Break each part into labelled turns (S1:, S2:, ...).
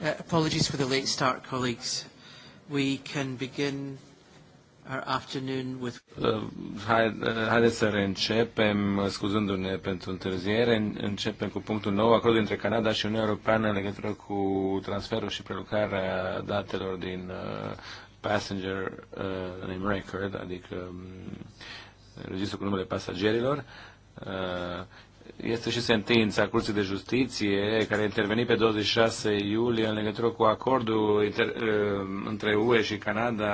S1: Uh, apologies for the late start, colleagues. We can begin our afternoon with...
S2: Uh, uh Haideți să reîncepem, uh, scuzându-ne pentru întârziere. Începem cu punctul nou, acordul între Canada și Uniunea Europeană în legătură cu transferul și prelucrarea datelor din uh, passenger uh, name record, adică um, registrul cu numele pasagerilor. Uh, este și sentința Curții de Justiție care a intervenit pe 26 iulie în legătură cu acordul inter, uh, între UE și Canada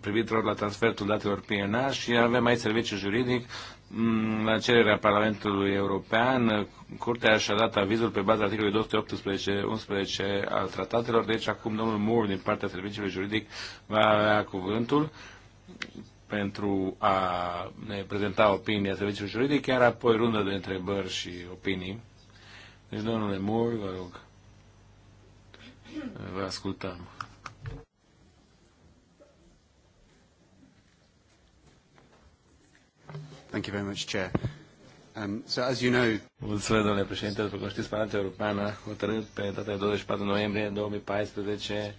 S2: privitor la transferul datelor PNA și avem aici serviciu juridic mm, la cererea Parlamentului European. Curtea și-a dat avizul pe baza articolului 218-11 al tratatelor, deci acum domnul Moore din partea serviciului juridic va avea cuvântul pentru a ne prezenta opinia serviciului juridic, chiar apoi rundă de întrebări și opinii. Deci, domnule Mur, vă rog, vă ascultăm. Thank you very much, Chair. Um, so as you know... Mulțumesc, domnule președinte, după cum știți, Parlamentul European a hotărât pe data de 24 noiembrie 2014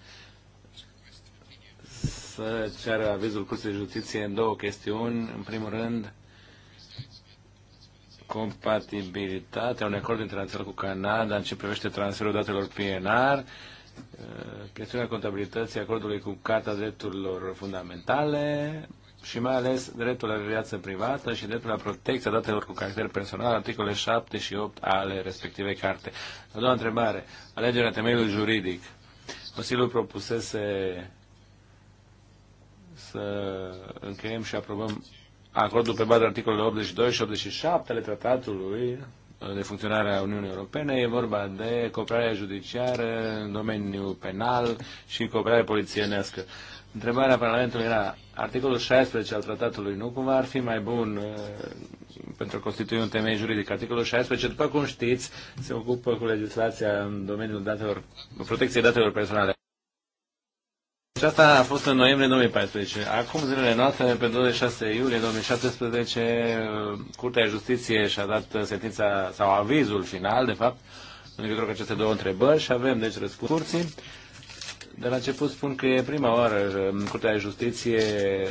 S2: să ceară avizul Curții de Justiție în două chestiuni. În primul rând, compatibilitatea unui acord internațional cu Canada în ce privește transferul datelor PNR, uh, chestiunea contabilității acordului cu Carta Drepturilor Fundamentale și mai ales dreptul la viață privată și dreptul la protecția datelor cu caracter personal, articole 7 și 8 ale respective carte. A doua întrebare, alegerea temeiului juridic. Consiliul propusese să încheiem și aprobăm acordul pe baza articolului 82 și 87 ale tratatului uh, de funcționare a Uniunii Europene. E vorba de cooperarea judiciară în domeniul penal și cooperare polițienească. Întrebarea Parlamentului era articolul 16 al tratatului nu cumva ar fi mai bun uh, pentru a constitui un temei juridic. Articolul 16, după cum știți, se ocupă cu legislația în domeniul datelor, protecției datelor personale. Și asta a fost în noiembrie 2014. Acum zilele noastre, pe 26 iulie 2017, Curtea de Justiție și-a dat sentința sau avizul final, de fapt, în legătură cu aceste două întrebări și avem, deci, răspuns De la început spun că e prima oară um, Curtea de Justiție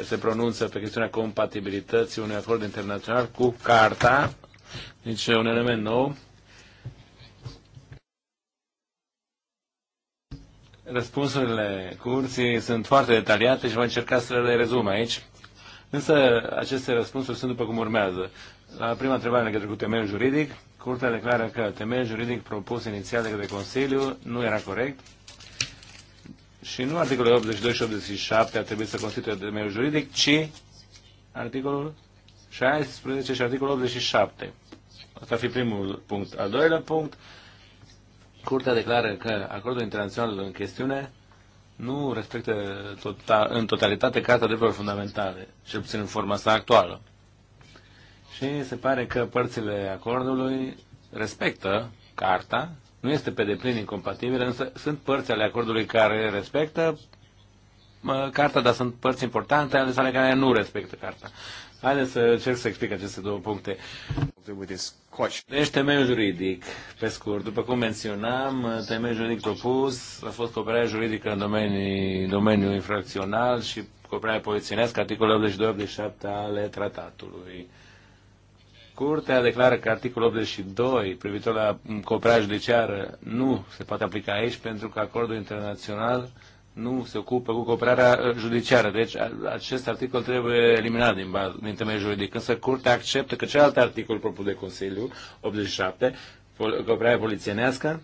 S2: se pronunță pe chestiunea compatibilității unui acord internațional cu Carta, deci un element nou Răspunsurile curții sunt foarte detaliate și voi încerca să le rezum aici. Însă aceste răspunsuri sunt după cum urmează. La prima întrebare legătură cu temeiul juridic, Curtea declară că temeiul juridic propus inițial de către Consiliu nu era corect și nu articolul 82 și 87 ar trebui să constituie temeiul juridic, ci articolul 16 și articolul 87. Asta ar fi primul punct. Al doilea punct, Curtea declară că acordul internațional în chestiune nu respectă tota, în totalitate Carta Drepturilor Fundamentale, cel puțin în forma sa actuală. Și se pare că părțile acordului respectă Carta, nu este pe deplin incompatibilă, însă sunt părți ale acordului care respectă Carta, dar sunt părți importante ale sale care nu respectă Carta. Haideți să încerc să explic aceste două puncte. Deci temeiul juridic, pe scurt, după cum menționam, temeiul juridic propus a fost cooperarea juridică în domeniul domeniu infracțional și cooperarea poliționească, articolul 82-87 ale tratatului. Curtea declară că articolul 82 privitor la cooperarea judiciară nu se poate aplica aici pentru că acordul internațional nu se ocupă cu cooperarea uh, judiciară. Deci acest articol trebuie eliminat din, bază, din temeiul juridic. Însă curtea acceptă că celălalt articol propus de Consiliu, 87, cooperarea polițienească,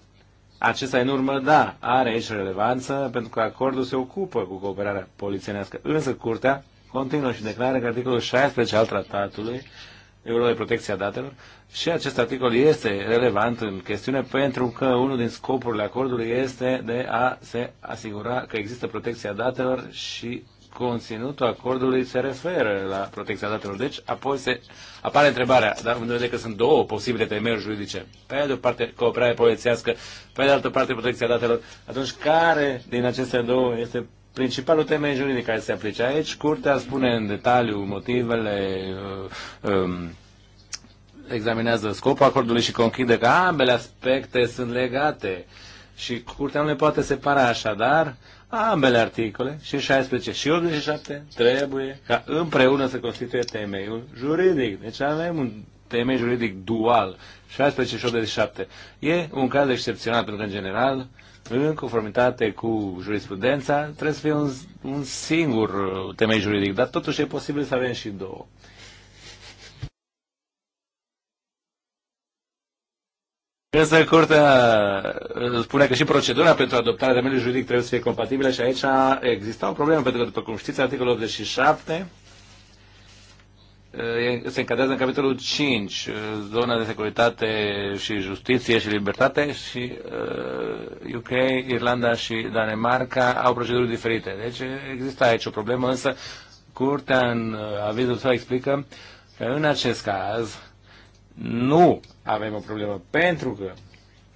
S2: acesta în urmă, da, are aici relevanță pentru că acordul se ocupă cu cooperarea polițienească. Însă curtea continuă și declară că articolul 16 al tratatului euro de protecție a datelor și acest articol este relevant în chestiune pentru că unul din scopurile acordului este de a se asigura că există protecția datelor și conținutul acordului se referă la protecția datelor. Deci, apoi se apare întrebarea, dar în vedere că sunt două posibile temeri juridice. Pe de o parte, cooperare polițească, pe de altă parte, protecția datelor. Atunci, care din aceste două este principalul temei juridic care se aplice aici. Curtea spune în detaliu motivele, uh, um, examinează scopul acordului și conchide că ambele aspecte sunt legate și curtea nu le poate separa așadar. Ambele articole, și 16 și 87, trebuie ca împreună să constituie temeiul juridic. Deci avem un temei juridic dual, 16 și 87. E un caz excepțional, pentru că, în general, uh, în conformitate cu jurisprudența, trebuie să fie un, un singur uh, temei juridic, dar totuși e posibil să avem și două. Însă Curtea uh, spune că și procedura pentru adoptarea de mediul juridic trebuie să fie compatibilă și aici exista o problemă, pentru că, după cum știți, articolul 87 se încadrează în capitolul 5, zona de securitate și justiție și libertate și UK, Irlanda și Danemarca au proceduri diferite. Deci există aici o problemă, însă Curtea în avizul său explică că în acest caz nu avem o problemă, pentru că,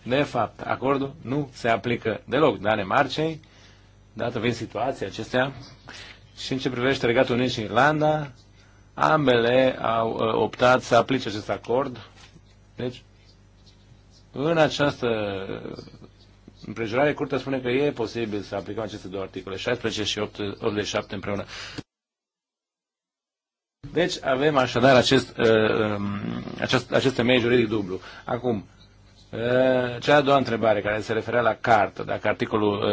S2: de fapt, acordul nu se aplică deloc Danemarcei, dată fiind situația acestea, și în ce privește Regatul Unit și Irlanda, Ambele au uh, optat să aplice acest acord. Deci, în această împrejurare, Curtea spune că e posibil să aplicăm aceste două articole, 16 și 87 împreună. Deci avem așadar acest, uh, um, acest, acest temei juridic dublu. Acum, cea a doua întrebare care se referea la cartă, dacă articolul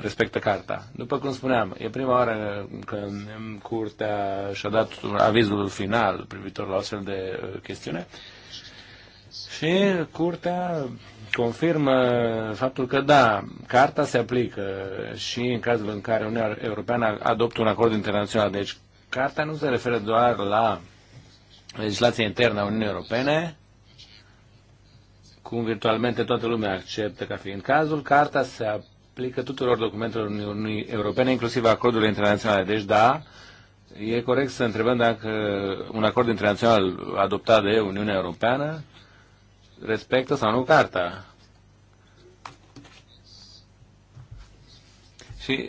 S2: respectă carta. După cum spuneam, e prima oară că curtea și-a dat avizul final privitor la o astfel de chestiune și curtea confirmă faptul că da, carta se aplică și în cazul în care Uniunea Europeană adoptă un acord internațional. Deci carta nu se referă doar la legislația internă a Uniunii Europene, cum virtualmente toată lumea acceptă ca fiind cazul, carta se aplică tuturor documentelor Uniunii Europene, inclusiv acordurile internaționale. Deci, da, e corect să întrebăm dacă un acord internațional adoptat de Uniunea Europeană respectă sau nu carta. Și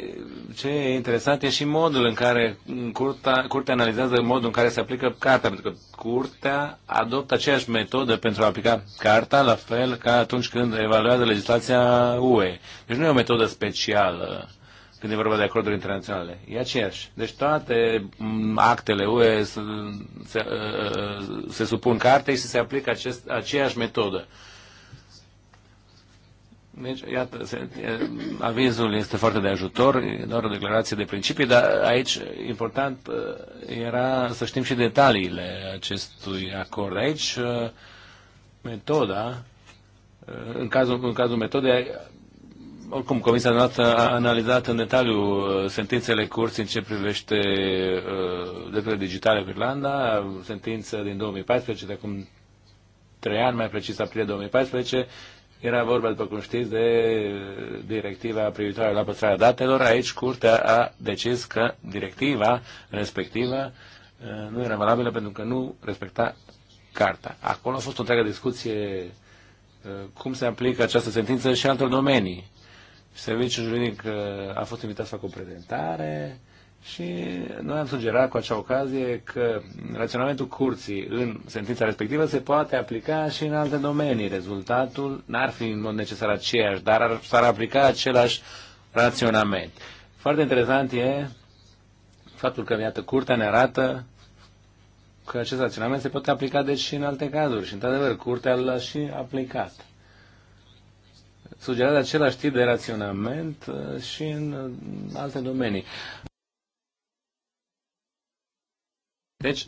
S2: ce e interesant e și modul în care curtea, curtea analizează modul în care se aplică cartea, pentru că curtea adoptă aceeași metodă pentru a aplica carta, la fel ca atunci când evaluează legislația UE. Deci nu e o metodă specială când e vorba de acorduri internaționale. E aceeași. Deci toate mm, actele UE se, se, uh, uh, se supun cartei și se aplică acest, aceeași metodă. Deci, iată, se, avizul este foarte de ajutor, e doar o declarație de principii, dar aici important uh, era să știm și detaliile acestui acord. Aici, uh, metoda, uh, în cazul, în cazul metodei, oricum, Comisia noastră a analizat în detaliu sentințele curții în ce privește drepturile digitale în Irlanda, sentință din 2014, de acum trei ani, mai precis aprilie 2014, era vorba, după cum știți, de uh, directiva privitoare la păstrarea datelor. Aici curtea a decis că directiva respectivă uh, nu era valabilă pentru că nu respecta carta. Acolo a fost o întreagă discuție uh, cum se aplică această sentință și alte domenii. Serviciul juridic a fost invitat să facă o prezentare și noi am sugerat cu acea ocazie că raționamentul curții în sentința respectivă se poate aplica și în alte domenii. Rezultatul n-ar fi în mod necesar aceeași, dar ar, s-ar aplica același raționament. Foarte interesant e faptul că, iată, curtea ne arată că acest raționament se poate aplica deci și în alte cazuri. Și, într-adevăr, curtea l-a și aplicat. Sugerează același tip de raționament uh, și în uh, alte domenii. Deci,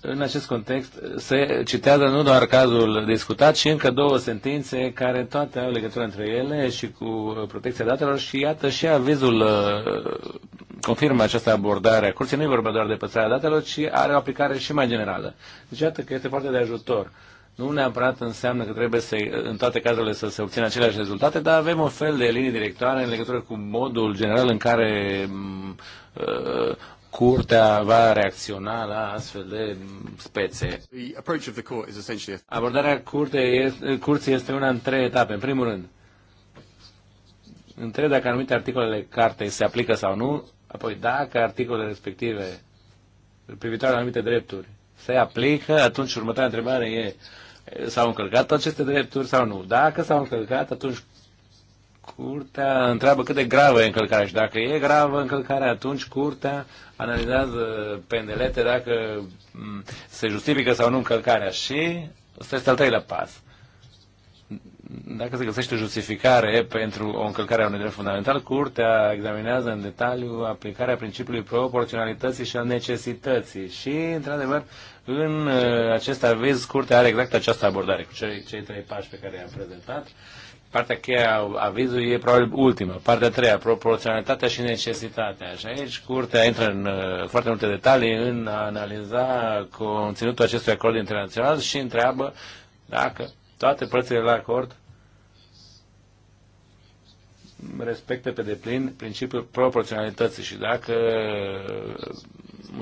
S2: în acest context, se citează nu doar cazul discutat, ci încă două sentințe care toate au legătură între ele și cu protecția datelor și iată și avizul uh, confirmă această abordare a curții. Nu e vorba doar de păstrarea datelor, ci are o aplicare și mai generală. Deci iată că este foarte de ajutor. Nu neapărat înseamnă că trebuie să, în toate cazurile să se obțină aceleași rezultate, dar avem un fel de linii directoare în legătură cu modul general în care mm, uh, Curtea va reacționa la astfel de spețe. Abordarea curții este una în trei etape. În primul rând, întreb dacă anumite articolele cartei se aplică sau nu, apoi dacă articolele respective privitoare la anumite drepturi se aplică, atunci următoarea întrebare e s-au încălcat aceste drepturi sau nu. Dacă s-au încălcat, atunci Curtea întreabă cât de gravă e încălcarea și dacă e gravă încălcarea, atunci curtea analizează pendelete dacă se justifică sau nu încălcarea și ăsta este al treilea pas. Dacă se găsește justificare pentru o încălcare a unui drept fundamental, curtea examinează în detaliu aplicarea principiului proporționalității și a necesității. Și, într-adevăr, în uh, acest aviz, curtea are exact această abordare cu cei, cei trei pași pe care i-am prezentat. Uh, partea cheia a avizului e probabil ultima, partea a treia, proporționalitatea și necesitatea. Și aici curtea intră în uh, foarte multe detalii în a analiza conținutul acestui acord internațional și întreabă dacă toate părțile la acord respectă pe deplin principiul proporționalității și dacă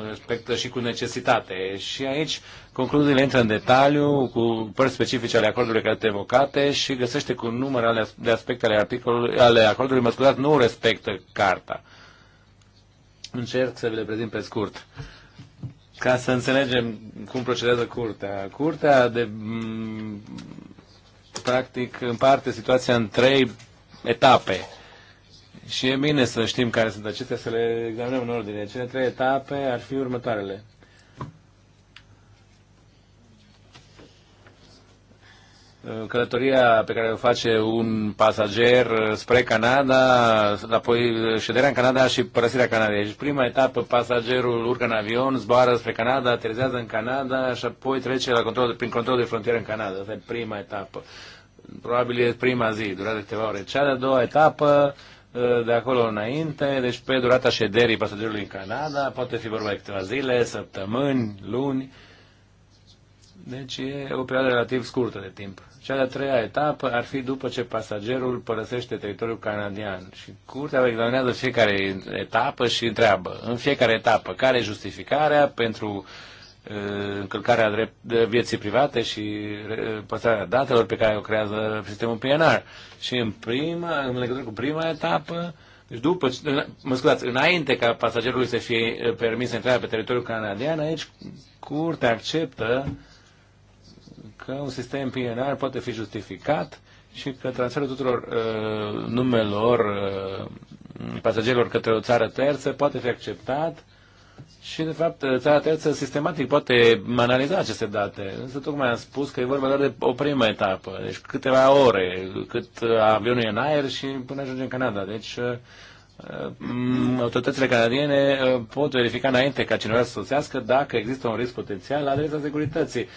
S2: respectă și cu necesitate. Și aici concluziile intră în detaliu cu părți specifice ale acordului care te evocate și găsește cu număr ale, de aspecte ale, articolului, ale acordului, mă scuzați, nu respectă carta. Încerc să vi le prezint pe scurt. Ca să înțelegem cum procedează curtea. Curtea de practic împarte situația în trei etape și e bine să știm care sunt acestea, să le examinăm în ordine. Cele trei etape ar fi următoarele. călătoria pe care o face un pasager spre Canada, apoi șederea în Canada și părăsirea Canadei. Deci prima etapă, pasagerul urcă în avion, zboară spre Canada, aterizează în Canada și apoi trece la control, prin control de frontieră în Canada. Asta e prima etapă. Probabil e prima zi, durează câteva ore. Cea de-a doua etapă, Eh, de acolo înainte, deci pe durata șederii pasagerului în Canada, poate fi vorba de câteva zile, săptămâni, luni, deci e o perioadă relativ scurtă de timp. Cea de-a treia etapă ar fi după ce pasagerul părăsește teritoriul canadian și curtea examinează fiecare etapă și întreabă în fiecare etapă care e justificarea pentru uh, Uh, încălcarea drept, de vieții private și uh, păstrarea datelor pe care o creează sistemul PNR. Și în prima, în legătură cu prima etapă, deci după, mă scuzați, înainte ca pasagerului să fie uh, permis intrarea pe teritoriul canadian, aici curtea acceptă că un sistem PNR poate fi justificat și că transferul tuturor uh, numelor uh, pasagerilor către o țară terță poate fi acceptat și, de fapt, țara terță sistematic poate analiza aceste date. Însă, tocmai am spus că e vorba doar de o primă etapă, deci câteva ore, cât avionul e în aer și până ajunge în Canada. Deci, uh, mm, autoritățile canadiene uh, pot verifica înainte ca cineva să soțească dacă există un risc potențial la adresa securității.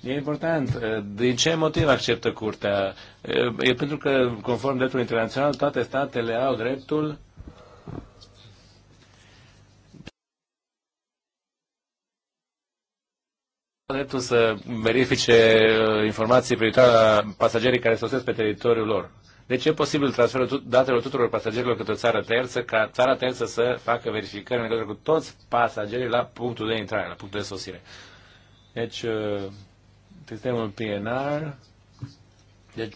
S2: E important. Uh, din ce motiv acceptă curtea? E pentru că, conform dreptului internațional, toate statele au dreptul dreptul să verifice uh, informații privitoare la pasagerii care sosesc pe teritoriul lor. Deci e posibil transferul datelor tuturor pasagerilor către o țară terță, ca țara terță să facă verificări în legătură cu toți pasagerii la punctul de intrare, la punctul de sosire. Deci, uh, sistemul PNR, deci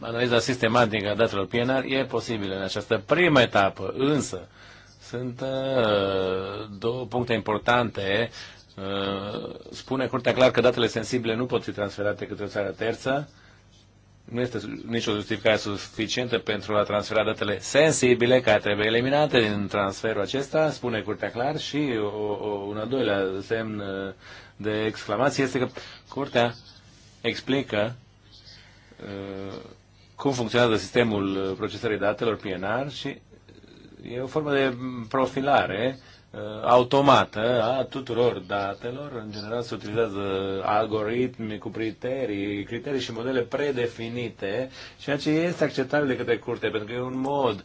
S2: analiza sistematică a datelor PNR e posibilă în această primă etapă, însă sunt uh, două puncte importante Uh, spune Curtea clar că datele sensibile nu pot fi transferate către o țară terță. Nu este nicio justificare suficientă pentru a transfera datele sensibile care trebuie eliminate din transferul acesta, spune Curtea clar, și o, o, un al doilea semn uh, de exclamație este că Curtea explică uh, cum funcționează sistemul procesării datelor PNR și e o formă de profilare uh, Uh, automată a tuturor datelor. În general se utilizează algoritmi cu criterii, criterii și modele predefinite, ceea ce este acceptabil de către curte, pentru că e un mod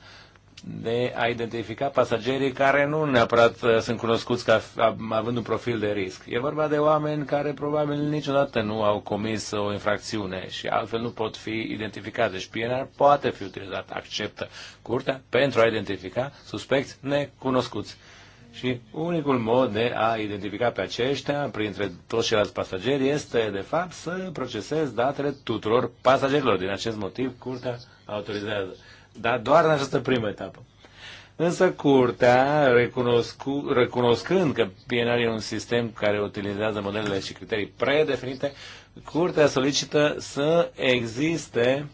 S2: de a identifica pasagerii care nu neapărat uh, sunt cunoscuți ca având un profil de risc. E vorba de oameni care probabil niciodată nu au comis o infracțiune și altfel nu pot fi identificați. Deci PNR poate fi utilizat, acceptă curtea, pentru a identifica suspecți necunoscuți. Și unicul mod de a identifica pe aceștia printre toți ceilalți pasageri este, de fapt, să procesezi datele tuturor pasagerilor. Din acest motiv, curtea autorizează. Dar doar în această primă etapă. Însă curtea, recunoscu, recunoscând că PNR e un sistem care utilizează modelele și criterii predefinite, curtea solicită să existe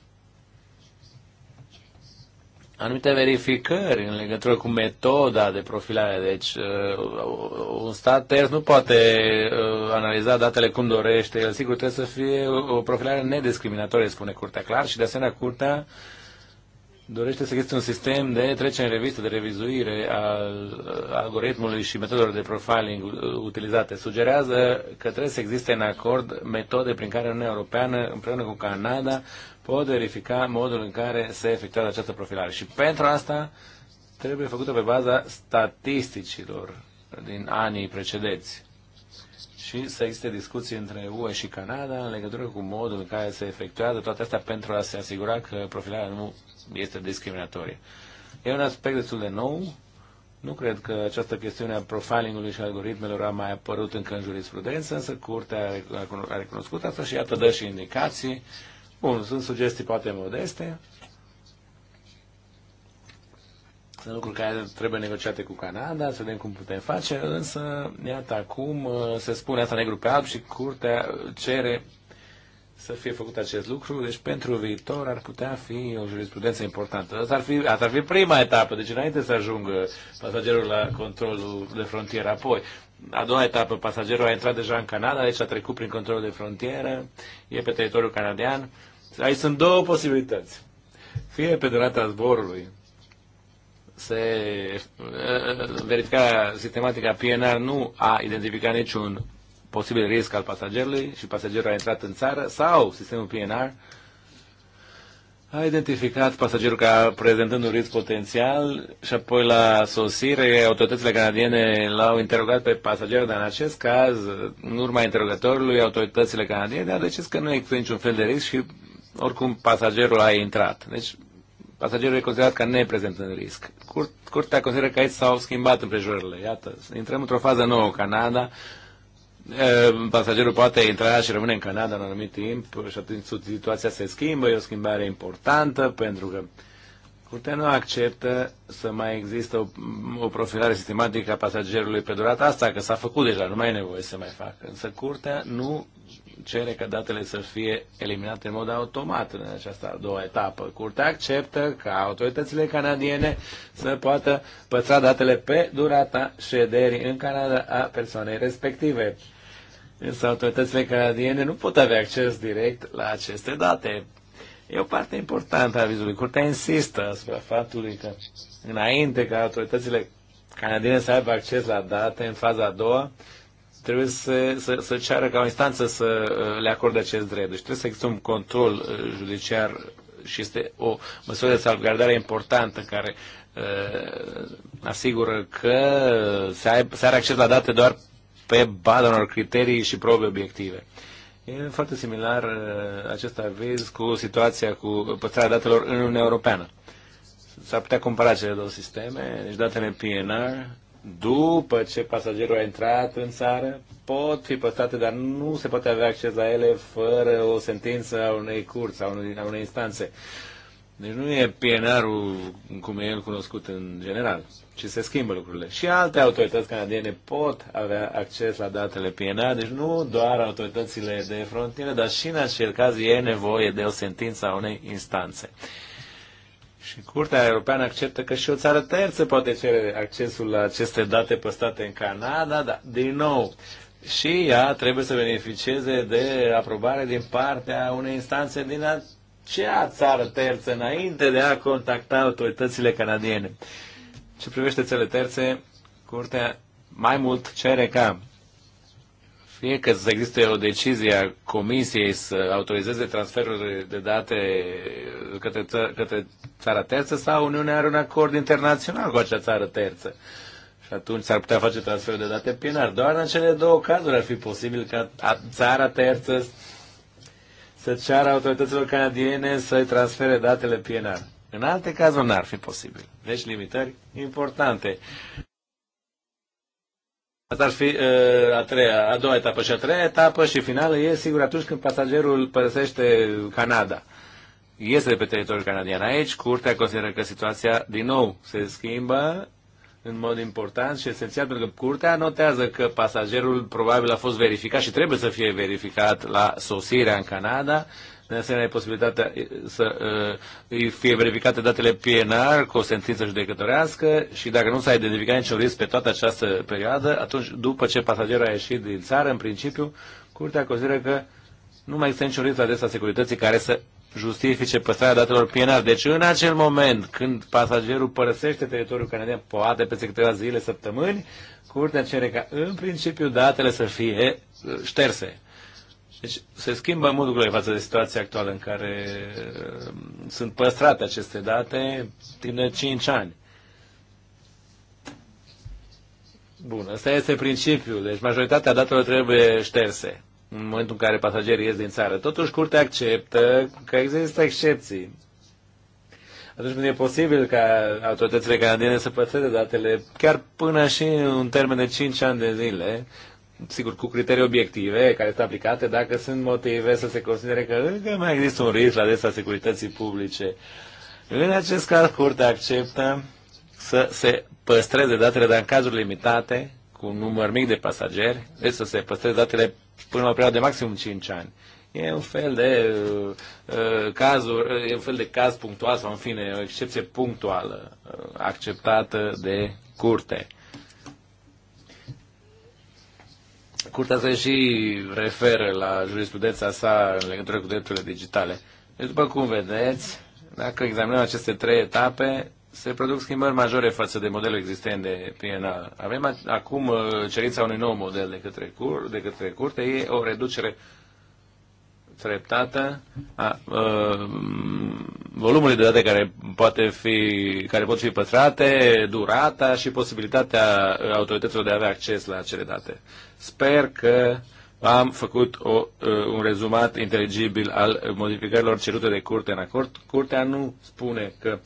S2: anumite verificări în legătură cu metoda de profilare. Deci, uh, uh, un stat terț nu poate uh, analiza datele cum dorește. El sigur trebuie să fie o profilare nediscriminatorie, spune Curtea clar, și de asemenea Curtea dorește să existe un sistem de trecere în revistă, de revizuire al algoritmului și metodelor de profiling utilizate. Sugerează că trebuie să existe în acord metode prin care Uniunea Europeană, împreună cu Canada, pot verifica modul în care se efectuează această profilare. Și pentru asta trebuie făcută pe baza statisticilor din anii precedenți. Și să existe discuții între UE și Canada în legătură cu modul în care se efectuează toate astea pentru a se asigura că profilarea nu este discriminatorie. E un aspect destul de nou. Nu cred că această chestiune a profilingului și algoritmelor a mai apărut încă în jurisprudență, însă curtea a recunoscut asta și iată dă și indicații Bun, sunt sugestii poate modeste. Sunt lucruri care trebuie negociate cu Canada, să vedem cum putem face, însă, iată, acum uh, se spune asta negru pe alb și curtea cere să fie făcut acest lucru, deci pentru viitor ar putea fi o jurisprudență importantă. Asta ar fi, asta ar fi prima etapă, deci înainte să ajungă pasagerul la controlul de frontieră apoi a doua etapă, pasagerul a intrat deja în Canada, aici deci a trecut prin controlul de frontieră, e pe teritoriul canadian. Aici sunt două posibilități. Fie pe durata zborului se verificarea sistematică a PNR nu a identificat niciun posibil risc al pasagerului și pasagerul a intrat în țară sau sistemul PNR a identificat pasagerul ca prezentând un risc potențial și apoi la sosire autoritățile canadiene l-au interogat pe pasager, dar în acest caz, în urma interogatorului, autoritățile canadiene au decis că nu există niciun fel de risc și oricum pasagerul a intrat. Deci pasagerul e considerat ca neprezentând risc. curtea consideră că aici s-au schimbat împrejurările. Iată, intrăm într-o fază nouă, Canada, Ehm, pasagerul poate intra și rămâne în Canada în anumit timp și atunci situația se schimbă, e o schimbare importantă pentru că Curtea nu acceptă să mai există o, o profilare sistematică a pasagerului pe durata asta, că s-a făcut deja, nu mai e nevoie să mai facă. Însă Curtea nu cere ca datele să fie eliminate în mod automat în această a doua etapă. Curtea acceptă ca autoritățile canadiene să poată păstra datele pe durata șederii în Canada a persoanei respective. Însă autoritățile canadiene nu pot avea acces direct la aceste date. E o parte importantă a avizului. Curtea insistă asupra faptului că înainte ca autoritățile canadiene să aibă acces la date în faza a doua, trebuie să, să, să ceară ca o instanță să uh, le acorde acest drept. Deci trebuie să există un control uh, judiciar și este o măsură de salvgardare importantă care uh, asigură că se, aib, se are acces la date doar pe baza unor criterii și probe obiective. E foarte similar uh, acest aviz cu situația cu păstrarea datelor în Uniunea Europeană. S-ar putea compara cele două sisteme, deci datele PNR, după ce pasagerul a intrat în țară, pot fi păstrate, dar nu se poate avea acces la ele fără o sentință a unei curți, a unei, a unei instanțe. Deci nu e PNR-ul cum e el cunoscut în general și se schimbă lucrurile. Și alte autorități canadiene pot avea acces la datele PnA, deci nu doar autoritățile de frontieră, dar și în acel caz e nevoie de o sentință a unei instanțe. Și Curtea Europeană acceptă că și o țară terță poate cere accesul la aceste date păstrate în Canada, dar, din nou, și ea trebuie să beneficieze de aprobare din partea unei instanțe din acea țară terță înainte de a contacta autoritățile canadiene. Ce privește cele terțe, Curtea mai mult cere ca fie că să existe o decizie a Comisiei să autorizeze transferul de date către, ță- către țara terță sau Uniunea are un acord internațional cu acea țară terță. Și atunci s-ar putea face transferul de date PNR. Doar în cele două cazuri ar fi posibil ca țara terță să ceară autorităților canadiene să transfere datele PNR. În alte cazuri n-ar fi posibil. Deci limitări importante. Asta ar fi uh, a, treia, a doua etapă și a treia etapă și finală e sigur atunci când pasagerul părăsește Canada. Este de pe teritoriul canadian aici, curtea consideră că situația din nou se schimbă în mod important și esențial pentru că curtea notează că pasagerul probabil a fost verificat și trebuie să fie verificat la sosirea în Canada de asemenea, e posibilitatea să uh, fie verificate datele PNR cu o sentință judecătorească și dacă nu s-a identificat niciun risc pe toată această perioadă, atunci, după ce pasagerul a ieșit din țară, în principiu, curtea consideră că nu mai există niciun risc la adresa securității care să justifice păstrarea datelor PNR. Deci în acel moment când pasagerul părăsește teritoriul canadian, poate peste câteva zile, săptămâni, curtea cere ca în principiu datele să fie uh, șterse. Deci se schimbă în lucrurile față de situația actuală în care uh, sunt păstrate aceste date timp de 5 ani. Bun, ăsta este principiul. Deci majoritatea datelor trebuie șterse în momentul în care pasagerii ies din țară. Totuși, curtea acceptă că există excepții. Atunci când e posibil ca autoritățile canadiene să păstreze datele chiar până și în termen de 5 ani de zile, sigur, cu criterii obiective care sunt aplicate, dacă sunt motive să se considere că încă mai există un risc la adresa securității publice. În acest caz, Curtea acceptă să se păstreze datele, dar în cazuri limitate, cu un număr mic de pasageri, deci să se păstreze datele până la o perioadă de maximum 5 ani. E un fel de uh, uh, cazuri, e un fel de caz punctual sau în fine, o excepție punctuală uh, acceptată de curte. Curtea se și referă la jurisprudența sa în legătură cu drepturile digitale. Deci, după cum vedeți, dacă examinăm aceste trei etape, se produc schimbări majore față de modelul existent de PNA. Avem acum uh, cerința unui nou model de către, cur, de către curte, e o reducere treptată a, a, volumului de date care, poate fi, care pot fi păstrate, durata și posibilitatea autorităților de a avea acces la acele date. Sper că am făcut o, un rezumat inteligibil al modificărilor cerute de curte în acord. Curtea nu spune că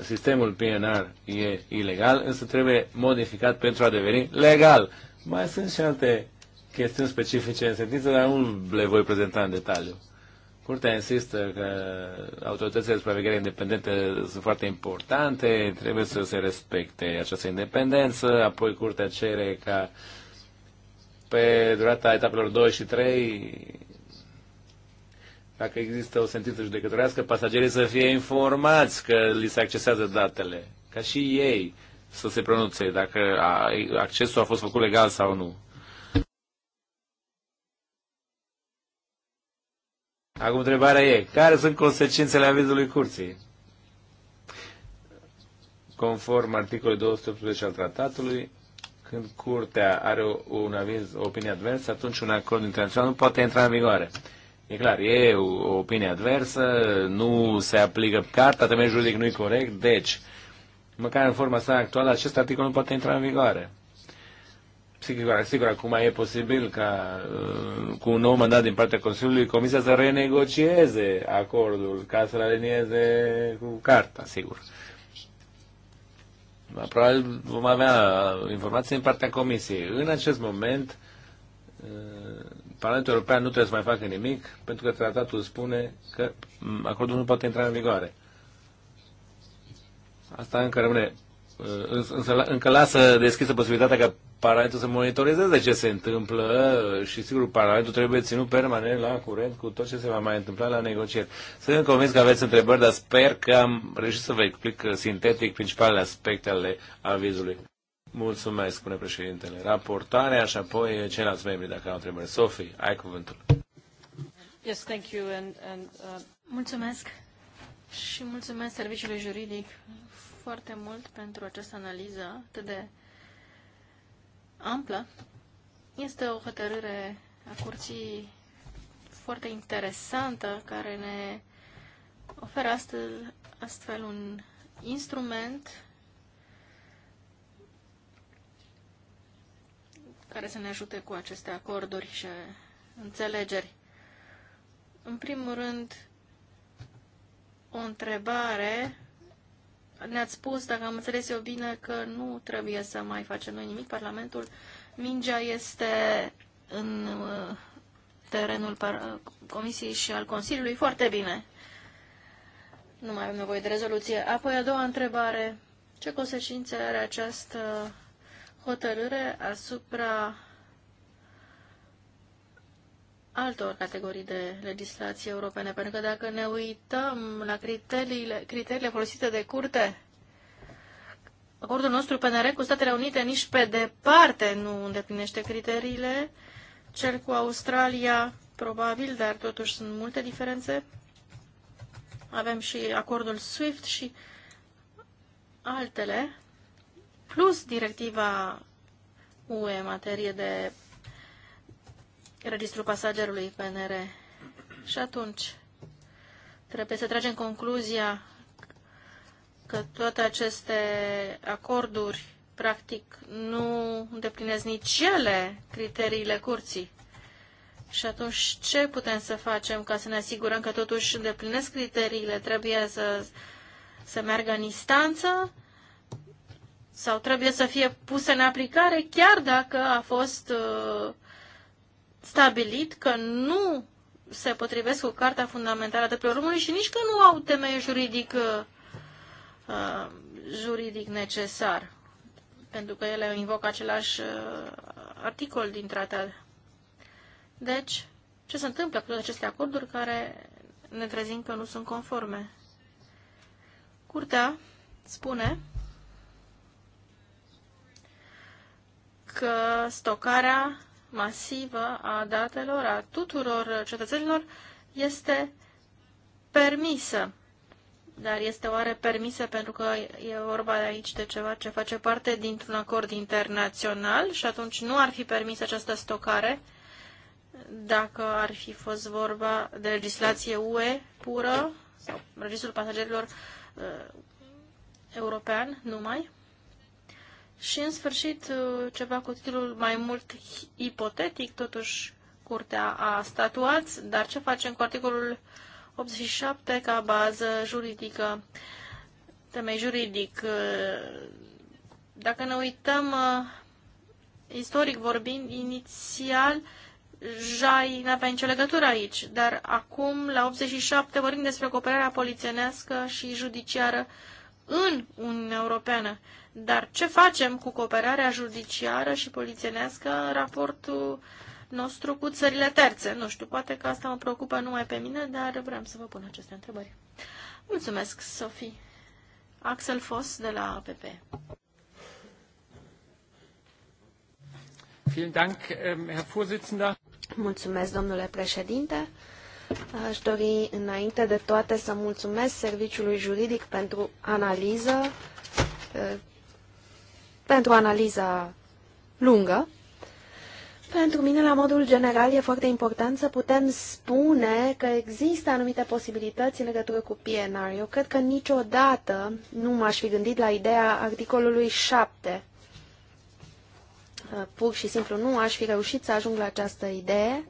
S2: sistemul PNR e ilegal, însă trebuie modificat pentru a deveni legal. Mai sunt și alte chestiuni specifice în sentință, dar nu le voi prezenta în detaliu. Curtea insistă că autoritățile de supraveghere independente sunt foarte importante, trebuie să se respecte această independență, apoi Curtea cere ca pe durata etapelor 2 și 3, dacă există o sentință judecătorească, pasagerii să fie informați că li se accesează datele, ca și ei să se pronunțe dacă accesul a fost făcut legal sau nu. Acum întrebarea e, care sunt consecințele avizului curții? Conform articolului 218 al tratatului, când curtea are un aviz, o opinie adversă, atunci un acord internațional nu poate intra în vigoare. E clar, e o opinie adversă, nu se aplică carta, temeiul juridic nu e corect, deci, măcar în forma sa actuală, acest articol nu poate intra în vigoare. Sigur, sigur, acum e posibil ca uh, cu un nou mandat din partea Consiliului Comisia să renegocieze acordul ca să-l alinieze cu carta, sigur. Probabil vom avea informații din partea Comisiei. În acest moment, uh, Parlamentul European nu trebuie să mai facă nimic, pentru că tratatul spune că mm, acordul nu poate intra în vigoare. Asta încă rămâne, uh, însă încă lasă deschisă posibilitatea ca Parlamentul să monitorizeze ce se întâmplă și sigur Parlamentul trebuie ținut permanent la curent cu tot ce se va mai întâmpla la negocieri. Sunt convins că aveți întrebări, dar sper că am reușit să vă explic sintetic principalele aspecte ale avizului. Mulțumesc, spune președintele. Raportarea și apoi ceilalți membri, dacă au întrebări. Sofie, ai cuvântul.
S1: Yes, thank you and, and, uh... Mulțumesc și mulțumesc serviciului juridic foarte mult pentru această analiză atât de amplă. Este o hotărâre a curții foarte interesantă care ne oferă astfel, astfel un instrument care să ne ajute cu aceste acorduri și înțelegeri. În primul rând, o întrebare ne-ați spus, dacă am înțeles eu bine, că nu trebuie să mai facem noi nimic. Parlamentul, mingea este în uh, terenul Comisiei și al Consiliului. Foarte bine. Nu mai avem nevoie de rezoluție. Apoi a doua întrebare. Ce consecințe are această hotărâre asupra altor categorii de legislație europene, pentru că dacă ne uităm la criteriile, criteriile folosite de curte, acordul nostru PNR cu Statele Unite nici pe departe nu îndeplinește criteriile, cel cu Australia probabil, dar totuși sunt multe diferențe. Avem și acordul SWIFT și altele, plus directiva UE în materie de registrul pasagerului PNR. Și atunci trebuie să tragem concluzia că toate aceste acorduri practic nu îndeplinesc nici ele criteriile curții. Și atunci ce putem să facem ca să ne asigurăm că totuși îndeplinesc criteriile? Trebuie să, să meargă în instanță sau trebuie să fie pusă în aplicare chiar dacă a fost uh, stabilit că nu se potrivesc cu Carta Fundamentală a Drepturilor Omului și nici că nu au temei juridic, uh, uh, juridic necesar, pentru că ele invocă același uh, articol din tratat. Deci, ce se întâmplă cu toate aceste acorduri care ne trezim că nu sunt conforme? Curtea spune că stocarea masivă a datelor a tuturor cetățenilor este permisă. Dar este oare permisă pentru că e vorba de aici de ceva ce face parte dintr-un acord internațional și atunci nu ar fi permisă această stocare dacă ar fi fost vorba de legislație UE pură sau registrul pasagerilor uh, european numai? Și, în sfârșit, uh, ceva cu titlul mai mult ipotetic, totuși Curtea a statuat, dar ce facem cu articolul 87 ca bază juridică, temei juridic? Uh, dacă ne uităm uh, istoric vorbind, inițial, Jai n-avea nicio legătură aici, dar acum, la 87, vorbim despre cooperarea polițienească și judiciară în Uniunea Europeană. Dar ce facem cu cooperarea judiciară și polițienească în raportul nostru cu țările terțe? Nu știu, poate că asta mă preocupă numai pe mine, dar vreau să vă pun aceste întrebări. Mulțumesc, Sofie. Axel Foss de la
S3: APP.
S2: Ähm,
S3: mulțumesc, domnule președinte. Aș dori înainte de toate să mulțumesc Serviciului Juridic pentru analiză pentru analiza lungă. Pentru mine, la modul general, e foarte important să putem spune că există anumite posibilități în legătură cu PNR. Eu cred că niciodată nu m-aș fi gândit la ideea articolului 7. Pur și simplu nu aș fi reușit să ajung la această idee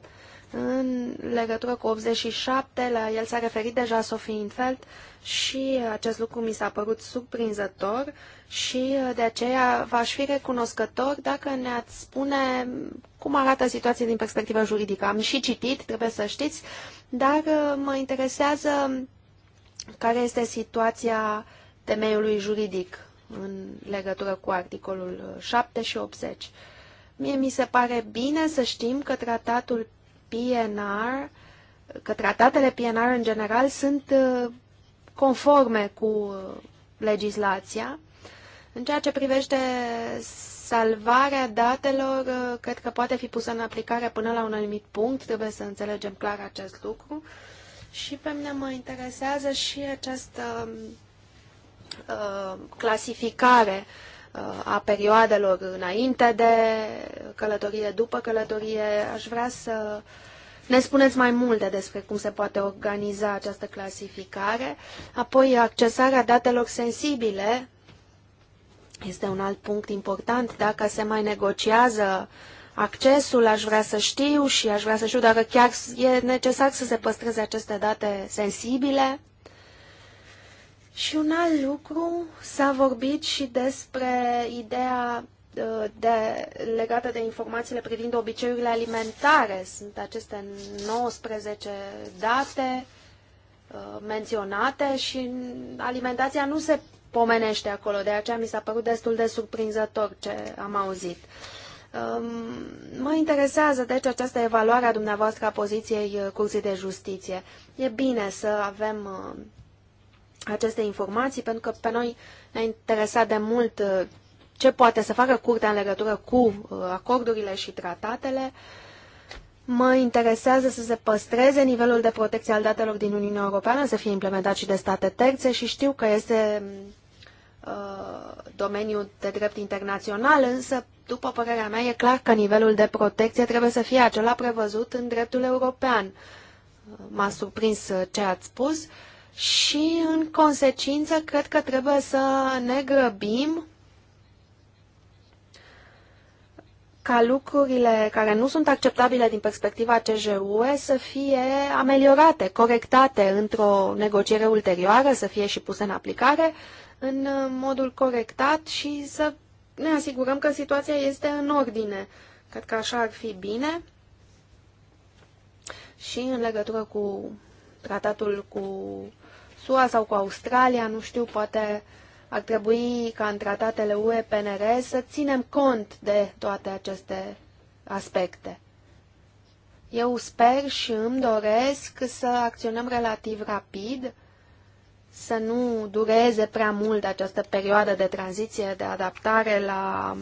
S3: în legătură cu 87, la el s-a referit deja Sophie Infeld și acest lucru mi s-a părut surprinzător și uh, de aceea v-aș fi recunoscător dacă ne-ați spune cum arată situația din perspectiva juridică. Am și citit, trebuie să știți, dar uh, mă interesează care este situația temeiului juridic în legătură cu articolul 7 uh, și 80. Mie mi se pare bine să știm că tratatul PNR, că tratatele PNR în general sunt uh, conforme cu uh, legislația. În ceea ce privește salvarea datelor, uh, cred că poate fi pusă în aplicare până la un anumit punct, trebuie să înțelegem clar acest lucru. Și pe mine mă interesează și această uh, clasificare uh, a perioadelor înainte de călătorie, după călătorie. Aș vrea să ne spuneți mai multe despre cum se poate organiza această clasificare. Apoi, accesarea datelor sensibile este un alt punct important. Dacă se mai negociază accesul, aș vrea să știu și aș vrea să știu dacă chiar e necesar să se păstreze aceste date sensibile. Și un alt lucru, s-a vorbit și despre ideea uh, de, legată de informațiile privind obiceiurile alimentare. Sunt aceste 19 date uh, menționate și alimentația nu se pomenește acolo, de aceea mi s-a părut destul de surprinzător ce am auzit. Um, mă interesează, deci, această evaluare a dumneavoastră a poziției uh, Curții de Justiție. E bine să avem aceste informații, pentru că pe noi ne-a interesat de mult uh, ce poate să facă curtea în legătură cu uh, acordurile și tratatele. Mă interesează să se păstreze nivelul de protecție al datelor din Uniunea Europeană, să fie implementat și de state terțe și știu că este uh, domeniul de drept internațional, însă, după părerea mea, e clar că nivelul de protecție trebuie să fie acela prevăzut în dreptul european. M-a surprins ce ați spus. Uh, și, în consecință, cred că trebuie să ne grăbim ca lucrurile care nu sunt acceptabile din perspectiva CJUE să fie ameliorate, corectate într-o negociere ulterioară, să fie și puse în aplicare în modul corectat și să ne asigurăm că situația este în ordine. Cred că așa ar fi bine. Și în legătură cu tratatul cu SUA sau cu Australia, nu știu, poate ar trebui ca în tratatele UE-PNR să ținem cont de toate aceste aspecte. Eu sper și îmi doresc să acționăm relativ rapid, să nu dureze prea mult această perioadă de tranziție, de adaptare la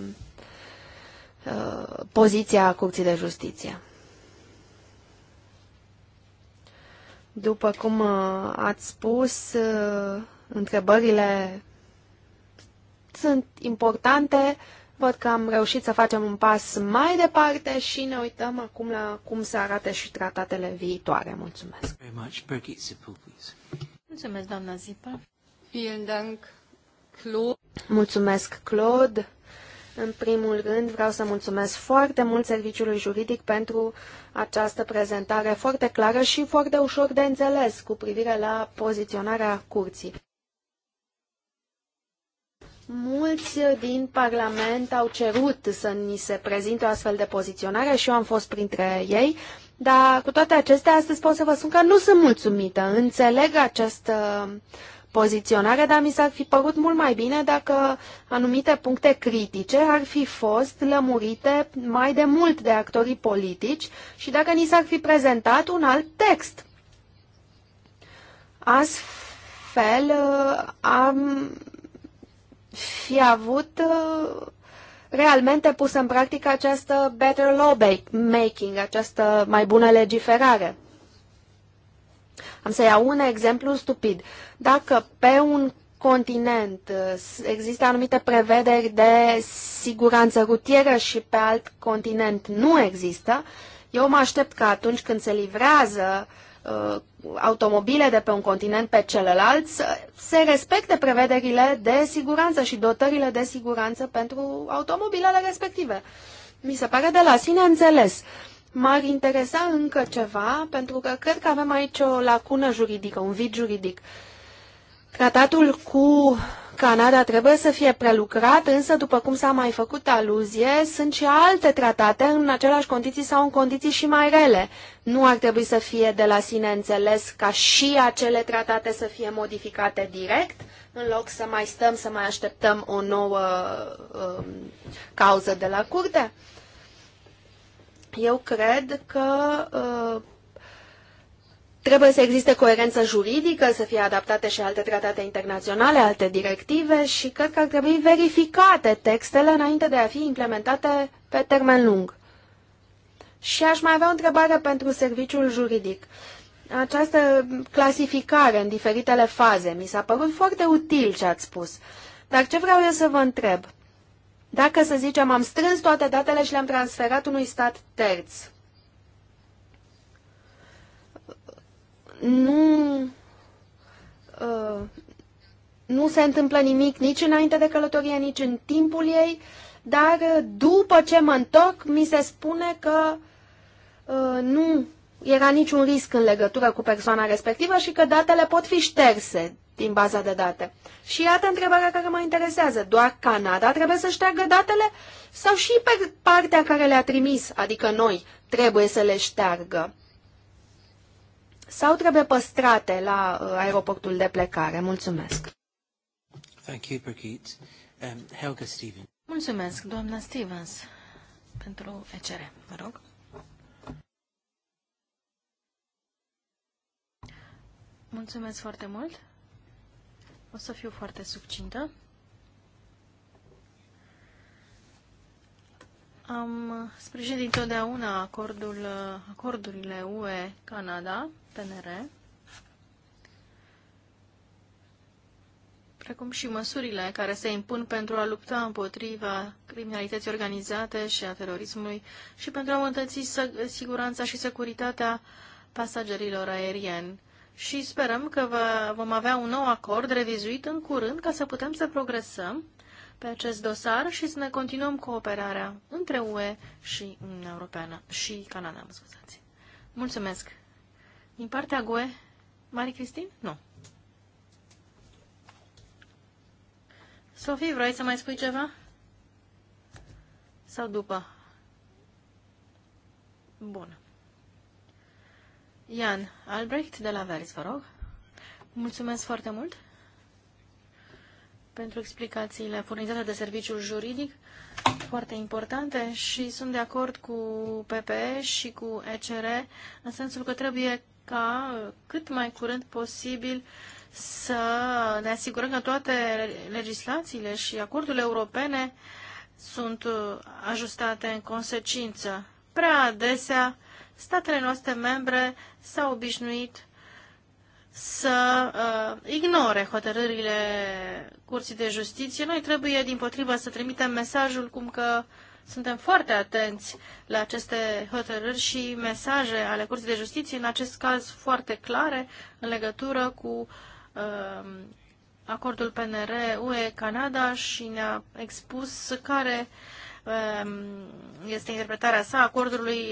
S3: uh, poziția Curții de Justiție. După cum uh, ați spus, uh, întrebările sunt importante. Văd că am reușit să facem un pas mai departe și ne uităm acum la cum se arată și tratatele viitoare. Mulțumesc! Mulțumesc, doamna Zipa! Mulțumesc, Claude! În primul rând, vreau să mulțumesc foarte mult serviciului juridic pentru această prezentare foarte clară și foarte ușor de înțeles cu privire la poziționarea curții. Mulți din Parlament au cerut să ni se prezinte o astfel de poziționare și eu am fost printre ei, dar cu toate acestea, astăzi pot să vă spun că nu sunt mulțumită. Înțeleg această uh, poziționare, dar mi s-ar fi părut mult mai bine dacă anumite puncte critice ar fi fost lămurite mai de mult de actorii politici și dacă ni s-ar fi prezentat un alt text. Astfel uh, am fi avut uh, realmente pus în practică această better law making, această mai bună legiferare. Am să iau un exemplu stupid. Dacă pe un continent uh, există anumite prevederi de siguranță rutieră și pe alt continent nu există, eu mă aștept că atunci când se livrează uh, automobile de pe un continent pe celălalt să se respecte prevederile de siguranță și dotările de siguranță pentru automobilele respective. Mi se pare de la sine înțeles. Uh, M-ar interesa încă ceva, pentru că cred că avem aici o lacună juridică, un vid juridic. Tratatul cu Canada trebuie să fie prelucrat, însă, după cum s-a mai făcut aluzie, sunt și alte tratate în aceleași condiții sau în condiții și mai rele. Nu ar trebui să fie de la sine înțeles ca și acele tratate să fie modificate direct, în loc să mai stăm, să mai așteptăm o nouă uh, cauză de la curte? Eu cred că uh, trebuie să existe coerență juridică, să fie adaptate și alte tratate internaționale, alte directive și cred că ar trebui verificate textele înainte de a fi implementate pe termen lung. Și aș mai avea o întrebare pentru serviciul juridic. Această clasificare în diferitele faze mi s-a părut foarte util ce ați spus, dar ce vreau eu să vă întreb – dacă, să zicem, am strâns toate datele și le-am transferat unui stat terț, nu, uh, nu se întâmplă nimic nici înainte de călătorie, nici în timpul ei, dar uh, după ce mă întorc, mi se spune că uh, nu era niciun risc în legătură cu persoana respectivă și că datele pot fi șterse din baza de date. Și iată întrebarea care mă interesează. Doar Canada trebuie să șteargă datele sau și pe partea care le-a trimis, adică noi, trebuie să le șteargă? Sau trebuie păstrate la uh, aeroportul de plecare? Mulțumesc.
S1: Thank you, Birgit.
S2: Um, Helga Stevens.
S3: Mulțumesc, doamna Stevens, pentru ECR. Vă rog.
S1: Mulțumesc foarte mult. O să fiu foarte subțintă. Am sprijinit întotdeauna acordul, acordurile UE-Canada, PNR, precum și măsurile care se impun pentru a lupta împotriva criminalității organizate și a terorismului și pentru a mântăți siguranța și securitatea pasagerilor aerieni și sperăm că vă, vom avea un nou acord revizuit în curând ca să putem să progresăm pe acest dosar și să ne continuăm cooperarea între UE și Uniunea Europeană și Canada, mă scuzați. Mulțumesc. Din partea GUE, Mari Cristin? Nu. Sofie, vrei să mai spui ceva? Sau după? Bună. Ian Albrecht de la Vers, vă rog. Mulțumesc foarte mult pentru explicațiile furnizate de serviciul juridic, foarte importante și sunt de acord cu PPE și cu ECR, în sensul că trebuie ca cât mai curând posibil să ne asigurăm că toate legislațiile și acordurile europene sunt ajustate în consecință. Prea adesea statele noastre membre s-au obișnuit să uh, ignore hotărârile Curții de Justiție. Noi trebuie, din potrivă, să trimitem mesajul cum că suntem foarte atenți la aceste hotărâri și mesaje ale Curții de Justiție, în acest caz foarte clare, în legătură cu uh, acordul PNR UE-Canada și ne-a expus care uh, Ehm, este interpretarea sa acordului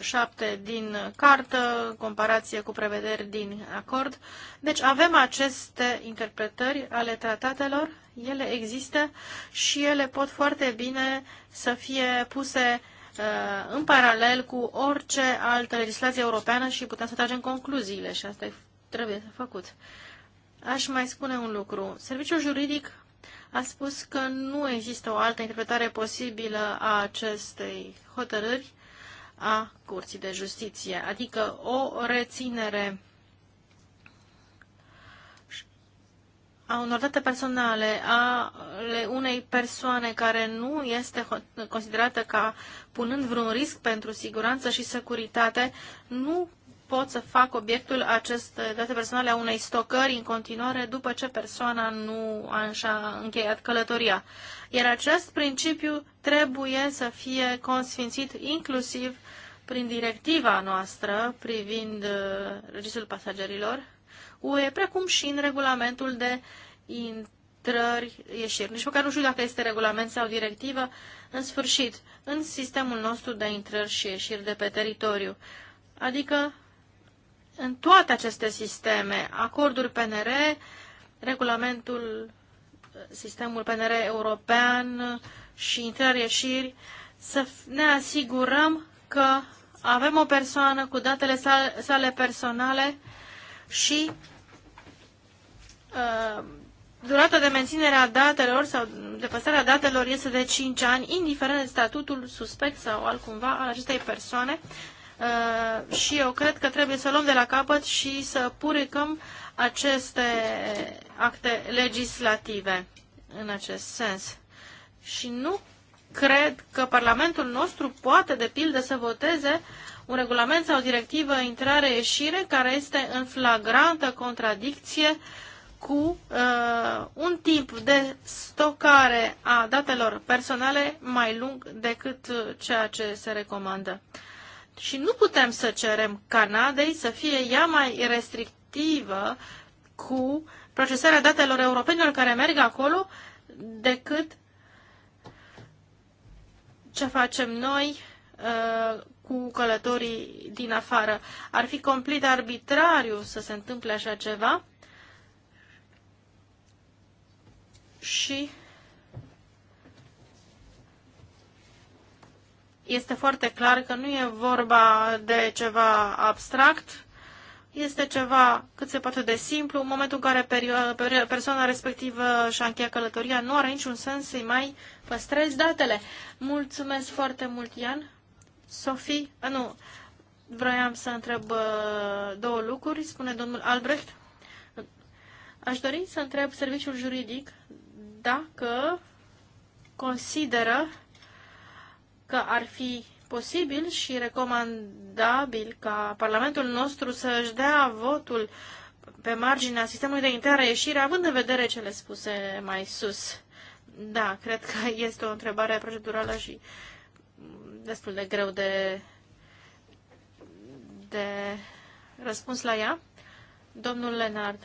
S1: 7 eh, din cartă, comparație cu prevederi din acord. Deci avem aceste interpretări ale tratatelor, ele există și ele pot foarte bine să fie puse eh, în paralel cu orice altă legislație europeană și putem să tragem concluziile și asta trebuie făcut. Aș mai spune un lucru. Serviciul juridic a spus că nu există o altă interpretare posibilă a acestei hotărâri a Curții de Justiție, adică o reținere a unor date personale ale unei persoane care nu este considerată ca punând vreun risc pentru siguranță și securitate, nu pot să fac obiectul aceste date personale a unei stocări în continuare după ce persoana nu a așa încheiat călătoria. Iar acest principiu trebuie să fie consfințit inclusiv prin directiva noastră privind uh, registrul pasagerilor UE, precum și în regulamentul de intrări, ieșiri. Nici măcar nu știu dacă este regulament sau directivă, în sfârșit, în sistemul nostru de intrări și ieșiri de pe teritoriu. Adică în toate aceste sisteme, acorduri PNR, regulamentul, sistemul PNR european și intrări-ieșiri, să ne asigurăm că avem o persoană cu datele sale, sale personale și uh, durata de menținere a datelor sau de păstrarea datelor este de 5 ani, indiferent de statutul suspect sau altcumva al acestei persoane. Uh, și eu cred că trebuie să luăm de la capăt și să puricăm aceste acte legislative în acest sens. Și nu cred că Parlamentul nostru poate, de pildă, să voteze un regulament sau o directivă intrare-ieșire care este în flagrantă contradicție cu uh, un timp de stocare a datelor personale mai lung decât ceea ce se recomandă. Și nu putem să cerem Canadei să fie ea mai restrictivă cu procesarea datelor europenilor care merg acolo decât ce facem noi uh, cu călătorii din afară. Ar fi complet arbitrariu să se întâmple așa ceva și este foarte clar că nu e vorba de ceva abstract, este ceva cât se poate de simplu. În momentul în care persoana respectivă și-a încheiat călătoria, nu are niciun sens să-i mai păstrezi datele. Mulțumesc foarte mult, Ian. Sofie, ah, nu, vroiam să întreb uh, două lucruri, spune domnul Albrecht. Aș dori să întreb serviciul juridic dacă consideră că ar fi posibil și recomandabil ca Parlamentul nostru să își dea votul pe marginea sistemului de intrare-ieșire, având în vedere cele spuse mai sus. Da, cred că este o întrebare procedurală și destul de greu de, de răspuns la ea. Domnul Lenard.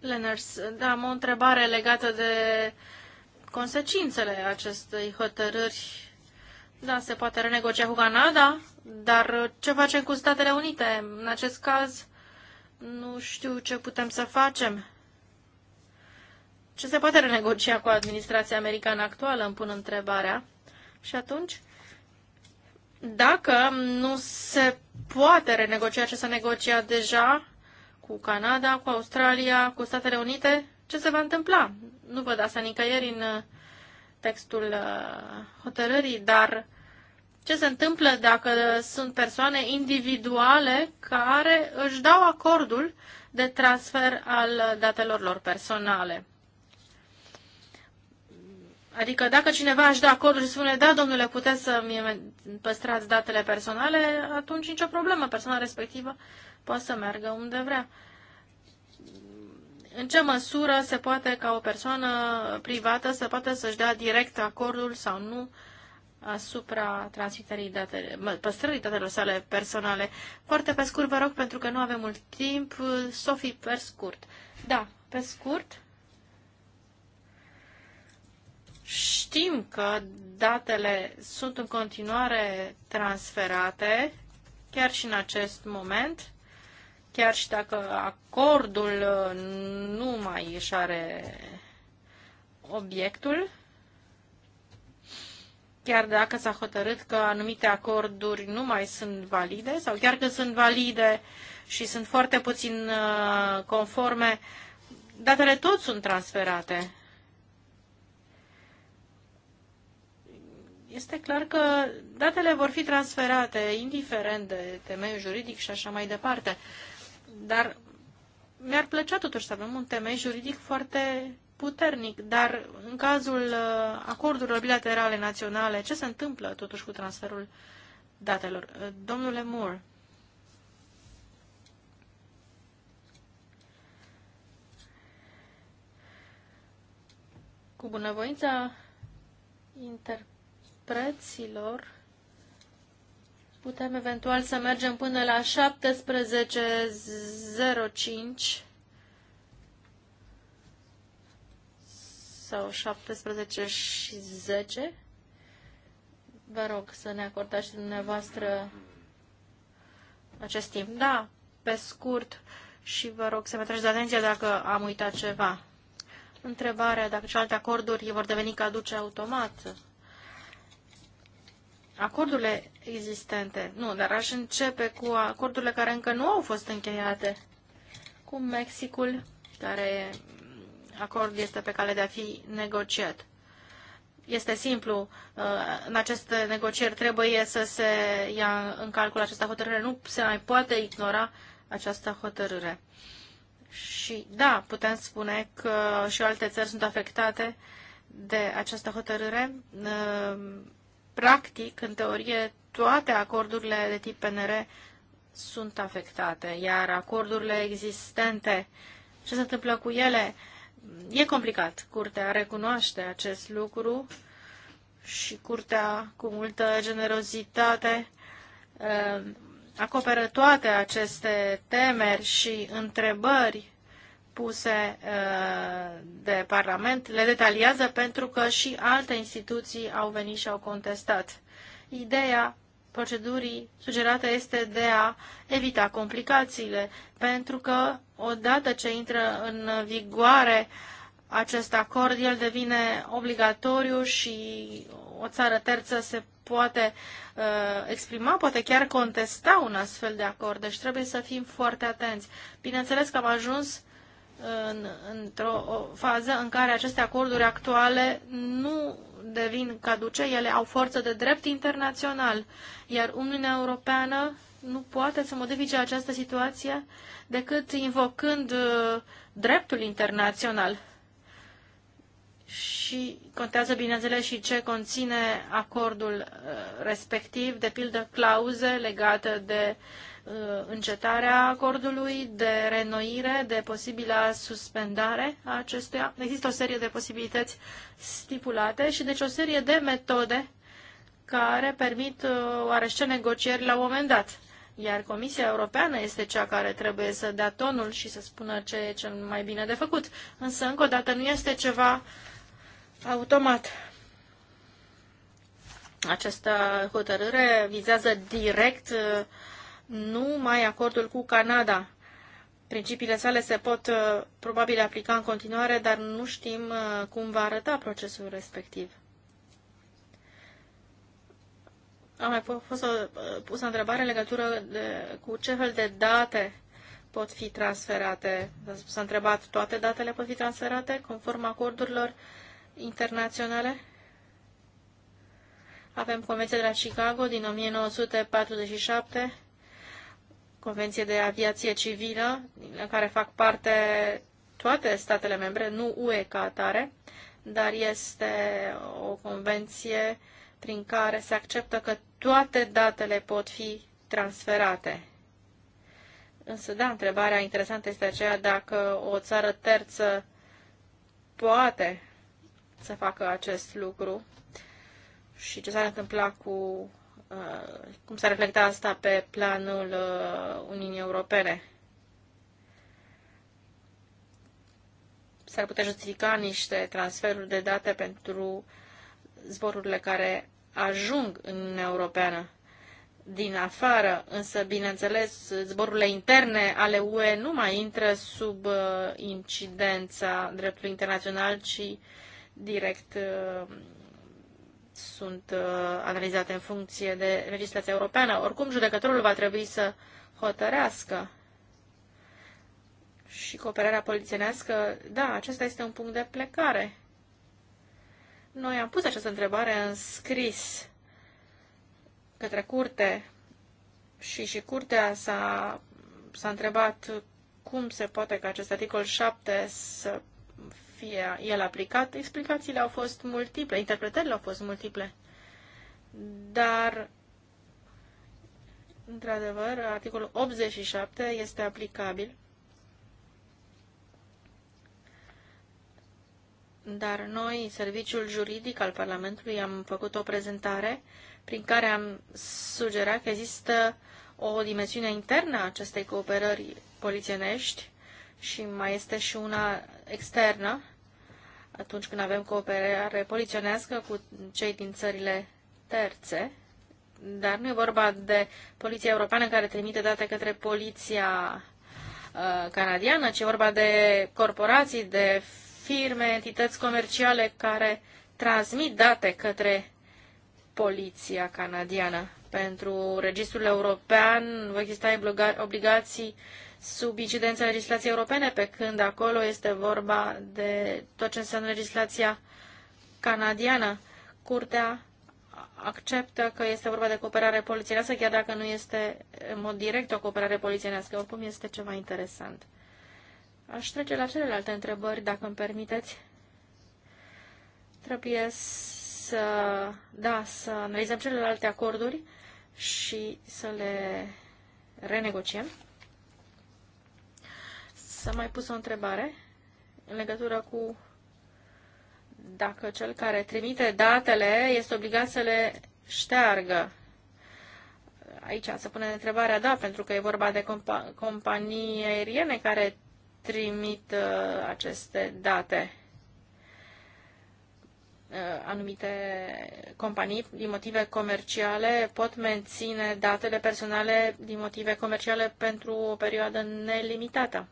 S1: Lenars, da, am o întrebare legată de uh, consecințele acestei hotărâri. Da, se poate renegocia cu Canada, dar ce facem cu Statele Unite? În acest caz, nu știu ce putem să facem. Ce se poate renegocia cu administrația americană actuală, îmi pun întrebarea. Și atunci, dacă nu se poate renegocia ce s-a negociat deja cu Canada, cu Australia, cu Statele Unite, ce se va întâmpla? nu văd asta nicăieri în uh, textul uh, hotărârii, dar ce se întâmplă dacă sunt persoane individuale care își dau acordul de transfer al uh, datelor lor personale. Adică dacă cineva își dă acordul și spune, da, domnule, puteți să-mi păstrați datele personale, atunci nicio problemă. Persoana respectivă poate să meargă unde vrea în ce măsură se poate ca o persoană privată să poată să-și dea direct acordul sau nu asupra transmiterii datele, păstrării datelor sale personale. Foarte pe scurt, vă rog, pentru că nu avem mult timp. Sofie, pe scurt. Da, pe scurt. Știm că datele sunt în continuare transferate, chiar și în acest moment chiar și dacă acordul uh, nu mai își are obiectul, chiar dacă s-a hotărât că anumite acorduri nu mai sunt valide sau chiar că sunt valide și sunt foarte puțin uh, conforme, datele tot sunt transferate. Este clar că datele vor fi transferate, indiferent de temeiul juridic și așa mai departe. Dar mi-ar plăcea totuși să avem un temei juridic foarte puternic, dar în cazul uh, acordurilor bilaterale naționale, ce se întâmplă totuși cu transferul datelor? Uh, domnule Moore. Cu bunăvoința interpreților, Putem eventual să mergem până la 17.05 sau 17.10. și Vă rog să ne acordați dumneavoastră acest timp. Da, pe scurt și vă rog să mă treceți de atenție dacă am uitat ceva. Întrebarea dacă celelalte acorduri vor deveni caduce automat. Acordurile existente. Nu, dar aș începe cu acordurile care încă nu au fost încheiate. Cu Mexicul, care acord este pe cale de a fi negociat. Este simplu, uh, în aceste negocieri trebuie să se ia în calcul această hotărâre. Nu se mai poate ignora această hotărâre. Și da, putem spune că și alte țări sunt afectate de această hotărâre. Uh, practic, în teorie, toate acordurile de tip PNR sunt afectate, iar acordurile existente, ce se întâmplă cu ele, e complicat. Curtea recunoaște acest lucru și curtea, cu multă generozitate, uh, acoperă toate aceste temeri și întrebări puse uh, de Parlament, le detaliază pentru că și alte instituții au venit și au contestat. Ideea procedurii sugerată este de a evita complicațiile, pentru că odată ce intră în vigoare acest acord, el devine obligatoriu și o țară terță se poate uh, exprima, poate chiar contesta un astfel de acord. Deci trebuie să fim foarte atenți. Bineînțeles că am ajuns în, într-o fază în care aceste acorduri actuale nu devin caduce, ele au forță de drept internațional, iar Uniunea Europeană nu poate să modifice această situație decât invocând uh, dreptul internațional și contează, bineînțeles, și ce conține acordul uh, respectiv, de pildă clauze legate de uh, încetarea acordului, de renoire, de posibilă suspendare a acestuia. Există o serie de posibilități stipulate și deci o serie de metode care permit uh, oarește negocieri la un moment dat. Iar Comisia Europeană este cea care trebuie să dea tonul și să spună ce e cel mai bine de făcut. Însă, încă o dată, nu este ceva uh, automat. Această hotărâre vizează direct uh, numai acordul cu Canada. Principiile sale se pot uh, probabil aplica în continuare, dar nu știm uh, cum va arăta procesul respectiv. Am mai fost o, pusă întrebare în legătură de, cu ce fel de date pot fi transferate. S-a întrebat, toate datele pot fi transferate conform acordurilor? Uh, internaționale. Avem Convenția de la Chicago din 1947, Convenție de Aviație Civilă, în care fac parte toate statele membre, nu UE ca atare, dar este o convenție prin care se acceptă că toate datele pot fi transferate. Însă, da, întrebarea interesantă este aceea dacă o țară terță poate să facă acest lucru și ce s-ar întâmpla cu uh, cum s-ar reflecta asta pe planul uh, Uniunii Europene. S-ar putea justifica niște transferuri de date pentru zborurile care ajung în Uniunea Europeană din afară, însă, bineînțeles, zborurile interne ale UE nu mai intră sub uh, incidența dreptului internațional, ci direct uh, sunt uh, analizate în funcție de legislația europeană. Oricum, judecătorul va trebui să hotărească și cooperarea polițienească, da, acesta este un punct de plecare. Noi am pus această întrebare în scris către curte și și curtea s-a, s-a întrebat cum se poate ca acest articol 7 să fie el aplicat. Explicațiile au fost multiple, interpretările au fost multiple, dar, într-adevăr, articolul 87 este aplicabil, dar noi, serviciul juridic al Parlamentului, am făcut o prezentare prin care am sugerat că există o dimensiune internă a acestei cooperări polițienești și mai este și una externă, atunci când avem cooperare poliționească cu cei din țările terțe, dar nu e vorba de poliția europeană care trimite date către poliția uh, canadiană, ci e vorba de corporații, de firme, entități comerciale care transmit date către poliția canadiană. Pentru registrul european vor exista obligații uh, sub incidența legislației europene, pe când acolo este vorba de tot ce înseamnă legislația canadiană. Curtea acceptă că este vorba de cooperare polițienească, chiar dacă nu este în mod direct o cooperare polițienească. Oricum este ceva interesant. Aș trece la celelalte întrebări, dacă îmi permiteți. Trebuie să, da, să analizăm celelalte acorduri și să le renegociem. S-a mai pus o întrebare în legătură cu dacă cel care trimite datele este obligat să le șteargă. Aici se pune întrebarea, da, pentru că e vorba de compa- companii aeriene care trimit uh, aceste date. Uh, anumite companii, din motive comerciale, pot menține datele personale din motive comerciale pentru o perioadă nelimitată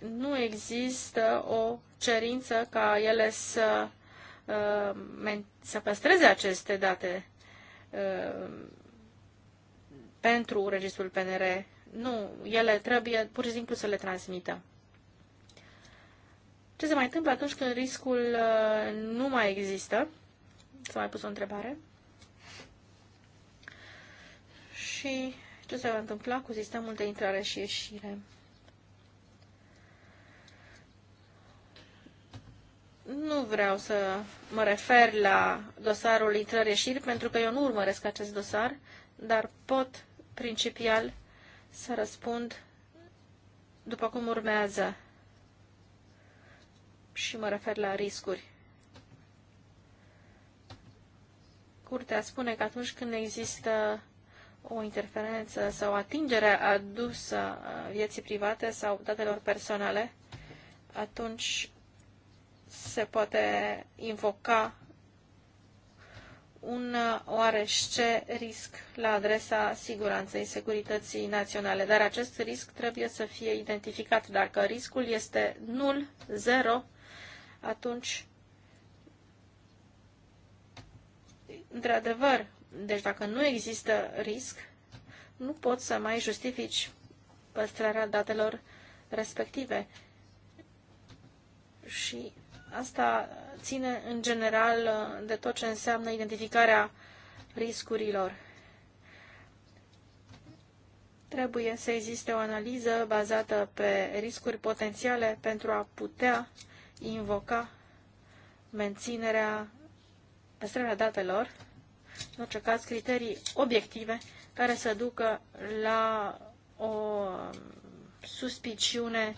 S1: nu există o cerință ca ele să, uh, să păstreze aceste date uh, pentru registrul PNR. Nu, ele trebuie pur și simplu să le transmită. Ce se mai întâmplă atunci când riscul uh, nu mai există? S-a mai pus o întrebare. Și ce se va întâmpla cu sistemul de intrare și ieșire? Nu vreau să mă refer la dosarul intrări-ieșiri, pentru că eu nu urmăresc acest dosar, dar pot, principial, să răspund după cum urmează. Și mă refer la riscuri. Curtea spune că atunci când există o interferență sau atingere adusă vieții private sau datelor personale, atunci se poate invoca un uh, oarește risc la adresa siguranței, securității naționale. Dar acest risc trebuie să fie identificat. Dacă riscul este nul, zero, atunci, într-adevăr, deci dacă nu există risc, nu poți să mai justifici păstrarea datelor respective. Și Asta ține în general de tot ce înseamnă identificarea riscurilor. Trebuie să existe o analiză bazată pe riscuri potențiale pentru a putea invoca menținerea păstrarea datelor, în orice caz criterii obiective care să ducă la o suspiciune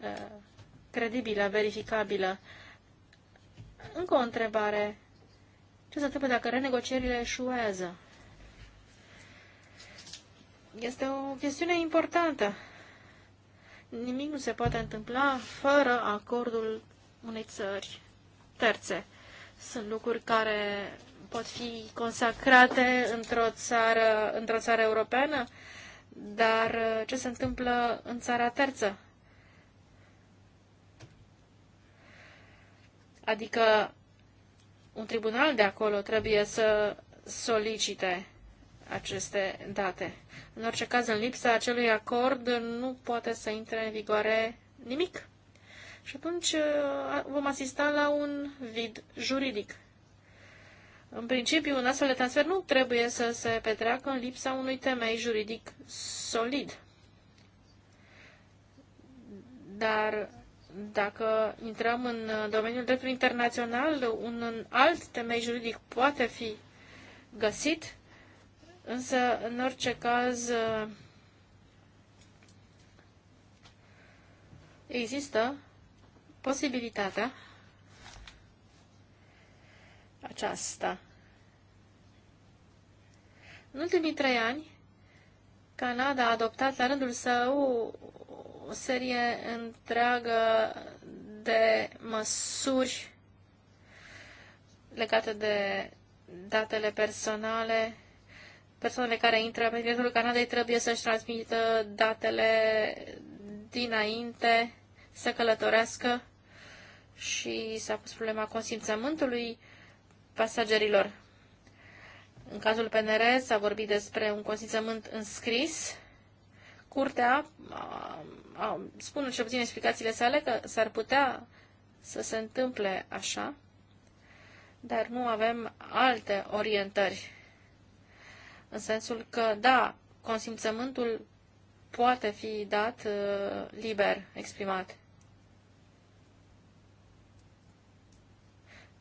S1: uh, credibilă, verificabilă. Încă o întrebare. Ce se întâmplă dacă renegocierile eșuează? Este o chestiune importantă. Nimic nu se poate întâmpla fără acordul unei țări terțe. Sunt lucruri care pot fi consacrate într-o țară, într-o țară europeană, dar uh, ce se întâmplă în țara terță? Adică un tribunal de acolo trebuie să solicite aceste date. În orice caz, în lipsa acelui acord, nu poate să intre în vigoare nimic. Și atunci uh, vom asista la un vid juridic. În principiu, un astfel de transfer nu trebuie să se petreacă în lipsa unui temei juridic solid. Dar dacă intrăm în domeniul dreptului internațional, un alt temei juridic poate fi găsit, însă, în orice caz, există posibilitatea aceasta. În ultimii trei ani, Canada a adoptat la rândul său o serie întreagă de măsuri legate de datele personale. Persoanele care intră pe teritoriul Canadei trebuie să-și transmită datele dinainte să călătorească și s-a pus problema consimțământului pasagerilor. În cazul PNR s-a vorbit despre un consimțământ înscris curtea a, a, spune și obține explicațiile sale că s-ar putea să se întâmple așa, dar nu avem alte orientări. În sensul că, da, consimțământul poate fi dat uh, liber, exprimat.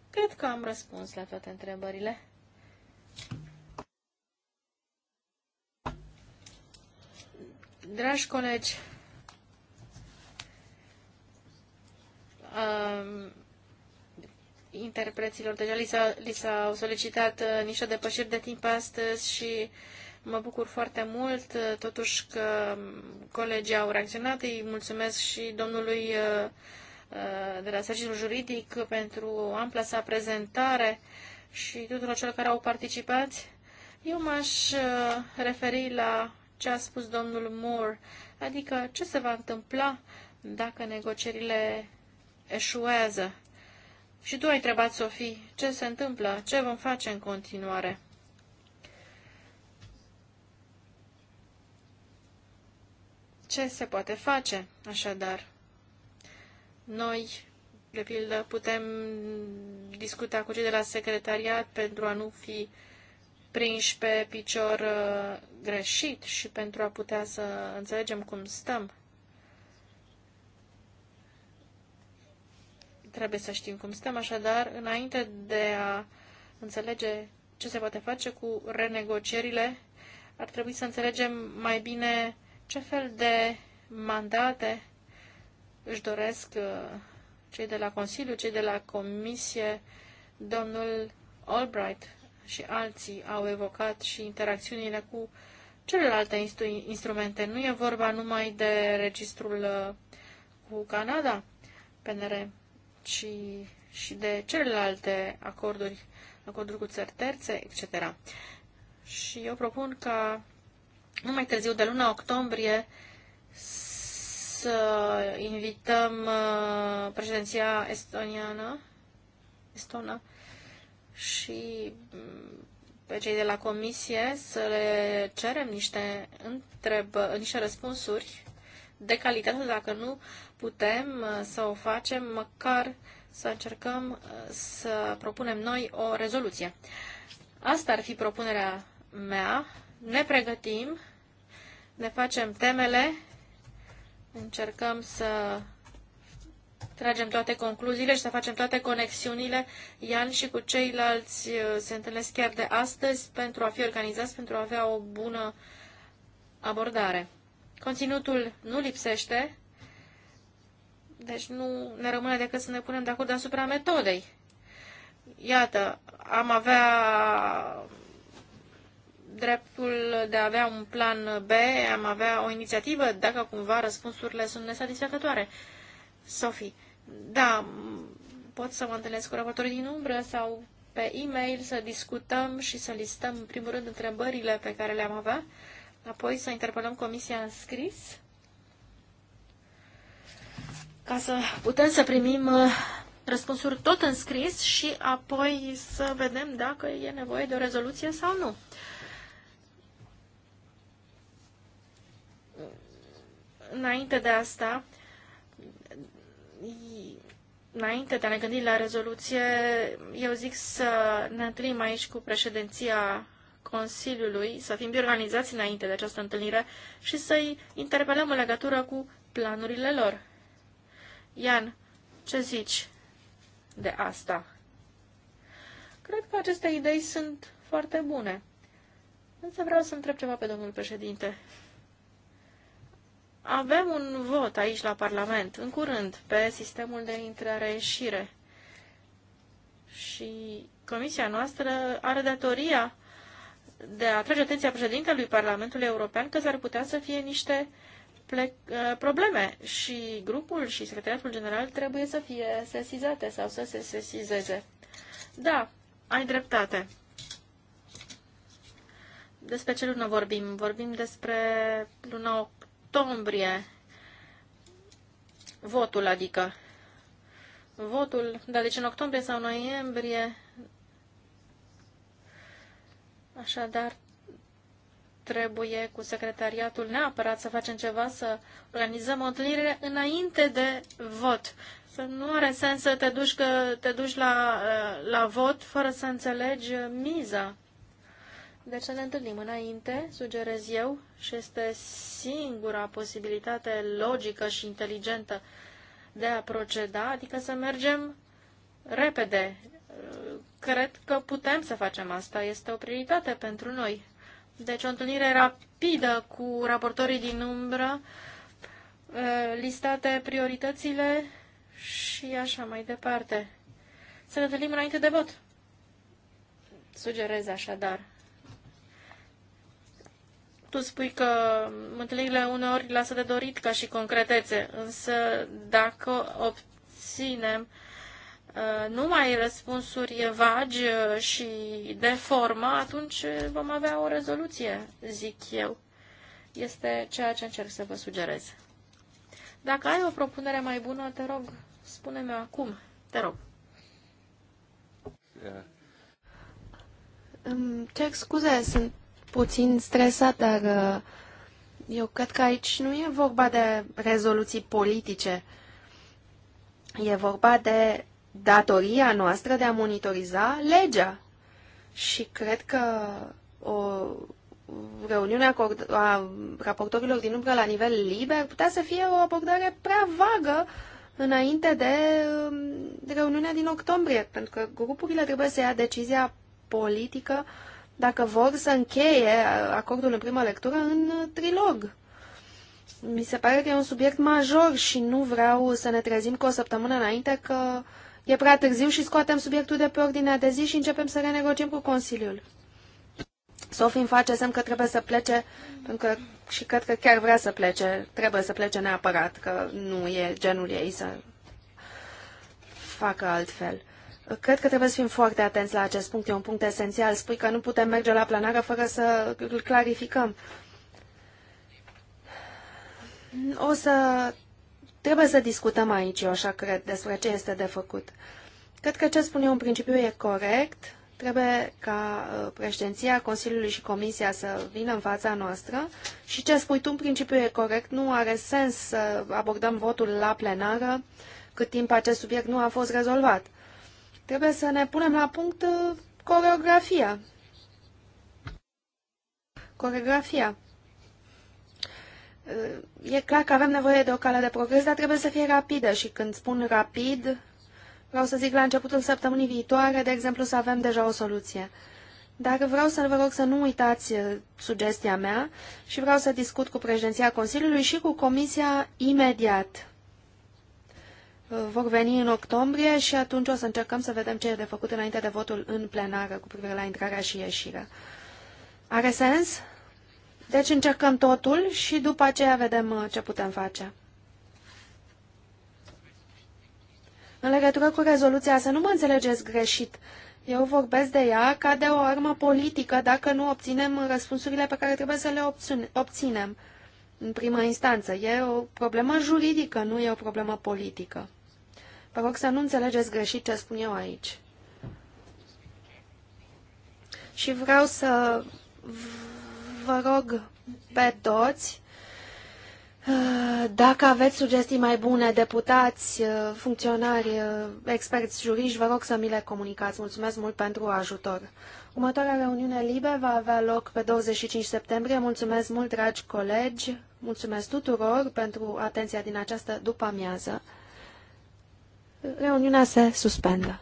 S1: Cred că am răspuns la toate întrebările. Dragi colegi, um, interpreților, deja li s-au solicitat uh, niște depășiri de timp astăzi și mă bucur foarte mult, uh, totuși că um, colegii au reacționat. Îi mulțumesc și domnului uh, de la serviciul juridic pentru ampla sa prezentare și tuturor celor care au participat. Eu m-aș referi la ce a spus domnul Moore, adică ce se va întâmpla dacă negocierile eșuează. Și tu ai întrebat, Sofie, ce se întâmplă, ce vom face în continuare. Ce se poate face, așadar? Noi, de pildă, putem discuta cu cei de la secretariat pentru a nu fi uh, prinși pe picior uh, greșit și pentru a putea să înțelegem cum stăm. Trebuie să știm cum stăm, așadar, înainte de a înțelege ce se poate face cu renegocierile, ar trebui să înțelegem mai bine ce fel de mandate își doresc uh, cei de la Consiliu, cei de la Comisie, domnul Albright și alții au evocat și interacțiunile cu celelalte instrumente. Nu e vorba numai de registrul uh, cu Canada, PNR, ci și de celelalte acorduri, acorduri cu țări terțe, etc. Și eu propun ca numai târziu de luna octombrie să invităm uh, președinția estoniană, estonă, și mm, pe cei de la comisie să le cerem niște, întreb, niște răspunsuri de calitate, dacă nu putem uh, să o facem, măcar să încercăm uh, să propunem noi o rezoluție. Asta ar fi propunerea mea. Ne pregătim, ne facem temele, încercăm să tragem toate concluziile și să facem toate conexiunile. Ian și cu ceilalți uh, se întâlnesc chiar de astăzi pentru a fi organizați, pentru a avea o bună abordare. Conținutul nu lipsește, deci nu ne rămâne decât să ne punem de acord asupra metodei. Iată, am avea dreptul de a avea un plan B, am avea o inițiativă dacă cumva răspunsurile sunt nesatisfăcătoare. Sophie. Da, pot să mă întâlnesc cu raportorii din umbră sau pe e-mail să discutăm și să listăm, în primul rând, întrebările pe care le-am avea, apoi să interpelăm comisia în scris ca să putem să primim uh, răspunsuri tot în scris și apoi să vedem dacă e nevoie de o rezoluție sau nu. Înainte de asta, înainte de a ne gândi la rezoluție, eu zic să ne întâlnim aici cu președinția Consiliului, să fim organizați înainte de această întâlnire și să-i interpelăm în legătură cu planurile lor. Ian, ce zici de asta? Cred că aceste idei sunt foarte bune. Însă vreau să întreb ceva pe domnul președinte. Avem un vot aici la Parlament, în curând, pe sistemul de intrare-ieșire. Și comisia noastră are datoria de a atrage atenția președintelui Parlamentului European că s-ar putea să fie niște uh, probleme și grupul și secretariatul general trebuie să fie sesizate sau să se sesizeze. Da, ai dreptate. Despre ce lună vorbim? Vorbim despre luna octombrie. Votul, adică. Votul, dar deci în octombrie sau noiembrie. Așadar, trebuie cu secretariatul neapărat să facem ceva, să organizăm o întâlnire înainte de vot. Să nu are sens să te duci, că te duci la, la vot fără să înțelegi miza. Deci să ne întâlnim înainte, sugerez eu, și este singura posibilitate logică și inteligentă de a proceda, adică să mergem repede. Cred că putem să facem asta, este o prioritate pentru noi. Deci o întâlnire rapidă cu raportorii din umbră, ă, listate prioritățile și așa mai departe. Să ne întâlnim înainte de vot. Sugerez așadar. Tu spui că întâlnirile uneori lasă de dorit ca și concretețe, însă dacă obținem uh, numai răspunsuri vagi uh, și de formă, atunci vom avea o rezoluție, zic eu. Este ceea ce încerc să vă sugerez. Dacă ai o propunere mai bună, te rog, spune-mi acum. Te
S3: rog. Yeah. Îmi scuze, sunt puțin stresat, dar uh, eu cred că aici nu e vorba de rezoluții politice. E vorba de datoria noastră de a monitoriza legea. Și cred că o reuniune a raportorilor din umbră la nivel liber putea să fie o abordare prea vagă înainte de um, reuniunea din octombrie, pentru că grupurile trebuie să ia decizia politică uh, dacă vor să încheie uh, acordul în prima lectură în uh, trilog. Mi se pare că e un subiect major și nu vreau să ne trezim cu o săptămână înainte că e prea târziu și scoatem subiectul de pe ordinea de zi și începem să renegociem cu Consiliul. Sofie îmi face semn că trebuie să plece, pentru că și cred că chiar vrea să plece, trebuie să plece neapărat, că nu e genul ei să facă altfel. Cred că trebuie să fim foarte atenți la acest punct, e un punct esențial. Spui că nu putem merge la planară fără să îl clarificăm. O să... Trebuie să discutăm aici, eu așa cred, despre ce este de făcut. Cred că ce spun eu în principiu e corect. Trebuie ca uh, președinția Consiliului și Comisia să vină în fața noastră și ce spui tu în principiu e corect. Nu are sens să abordăm votul la plenară cât timp acest subiect nu a fost rezolvat. Trebuie să ne punem la punct uh, coreografia. Coreografia. Uh, e clar că avem nevoie de o cale de progres, dar trebuie să fie rapidă și când spun rapid, vreau să zic la începutul săptămânii viitoare, de exemplu, să avem deja o soluție. Dar vreau să vă rog să nu uitați uh, sugestia mea și vreau să discut cu președinția Consiliului și cu Comisia imediat vor veni în octombrie și atunci o să încercăm să vedem ce e de făcut înainte de votul în plenară cu privire la intrarea și ieșirea. Are sens? Deci încercăm totul și după aceea vedem uh, ce putem face. În legătură cu rezoluția, să nu mă înțelegeți greșit. Eu vorbesc de ea ca de o armă politică dacă nu obținem răspunsurile pe care trebuie să le obținem în prima instanță. E o problemă juridică, nu e o problemă politică. Vă rog să nu înțelegeți greșit ce spun eu aici. Și vreau să vă rog pe toți, uh, dacă aveți sugestii mai bune, deputați, uh, funcționari, uh, experți juriști, vă rog să mi le comunicați. Mulțumesc mult pentru ajutor. Următoarea reuniune libe va avea loc pe 25 septembrie. Mulțumesc mult, dragi colegi, mulțumesc tuturor pentru atenția din această după-amiază. Reuniunea se suspendă.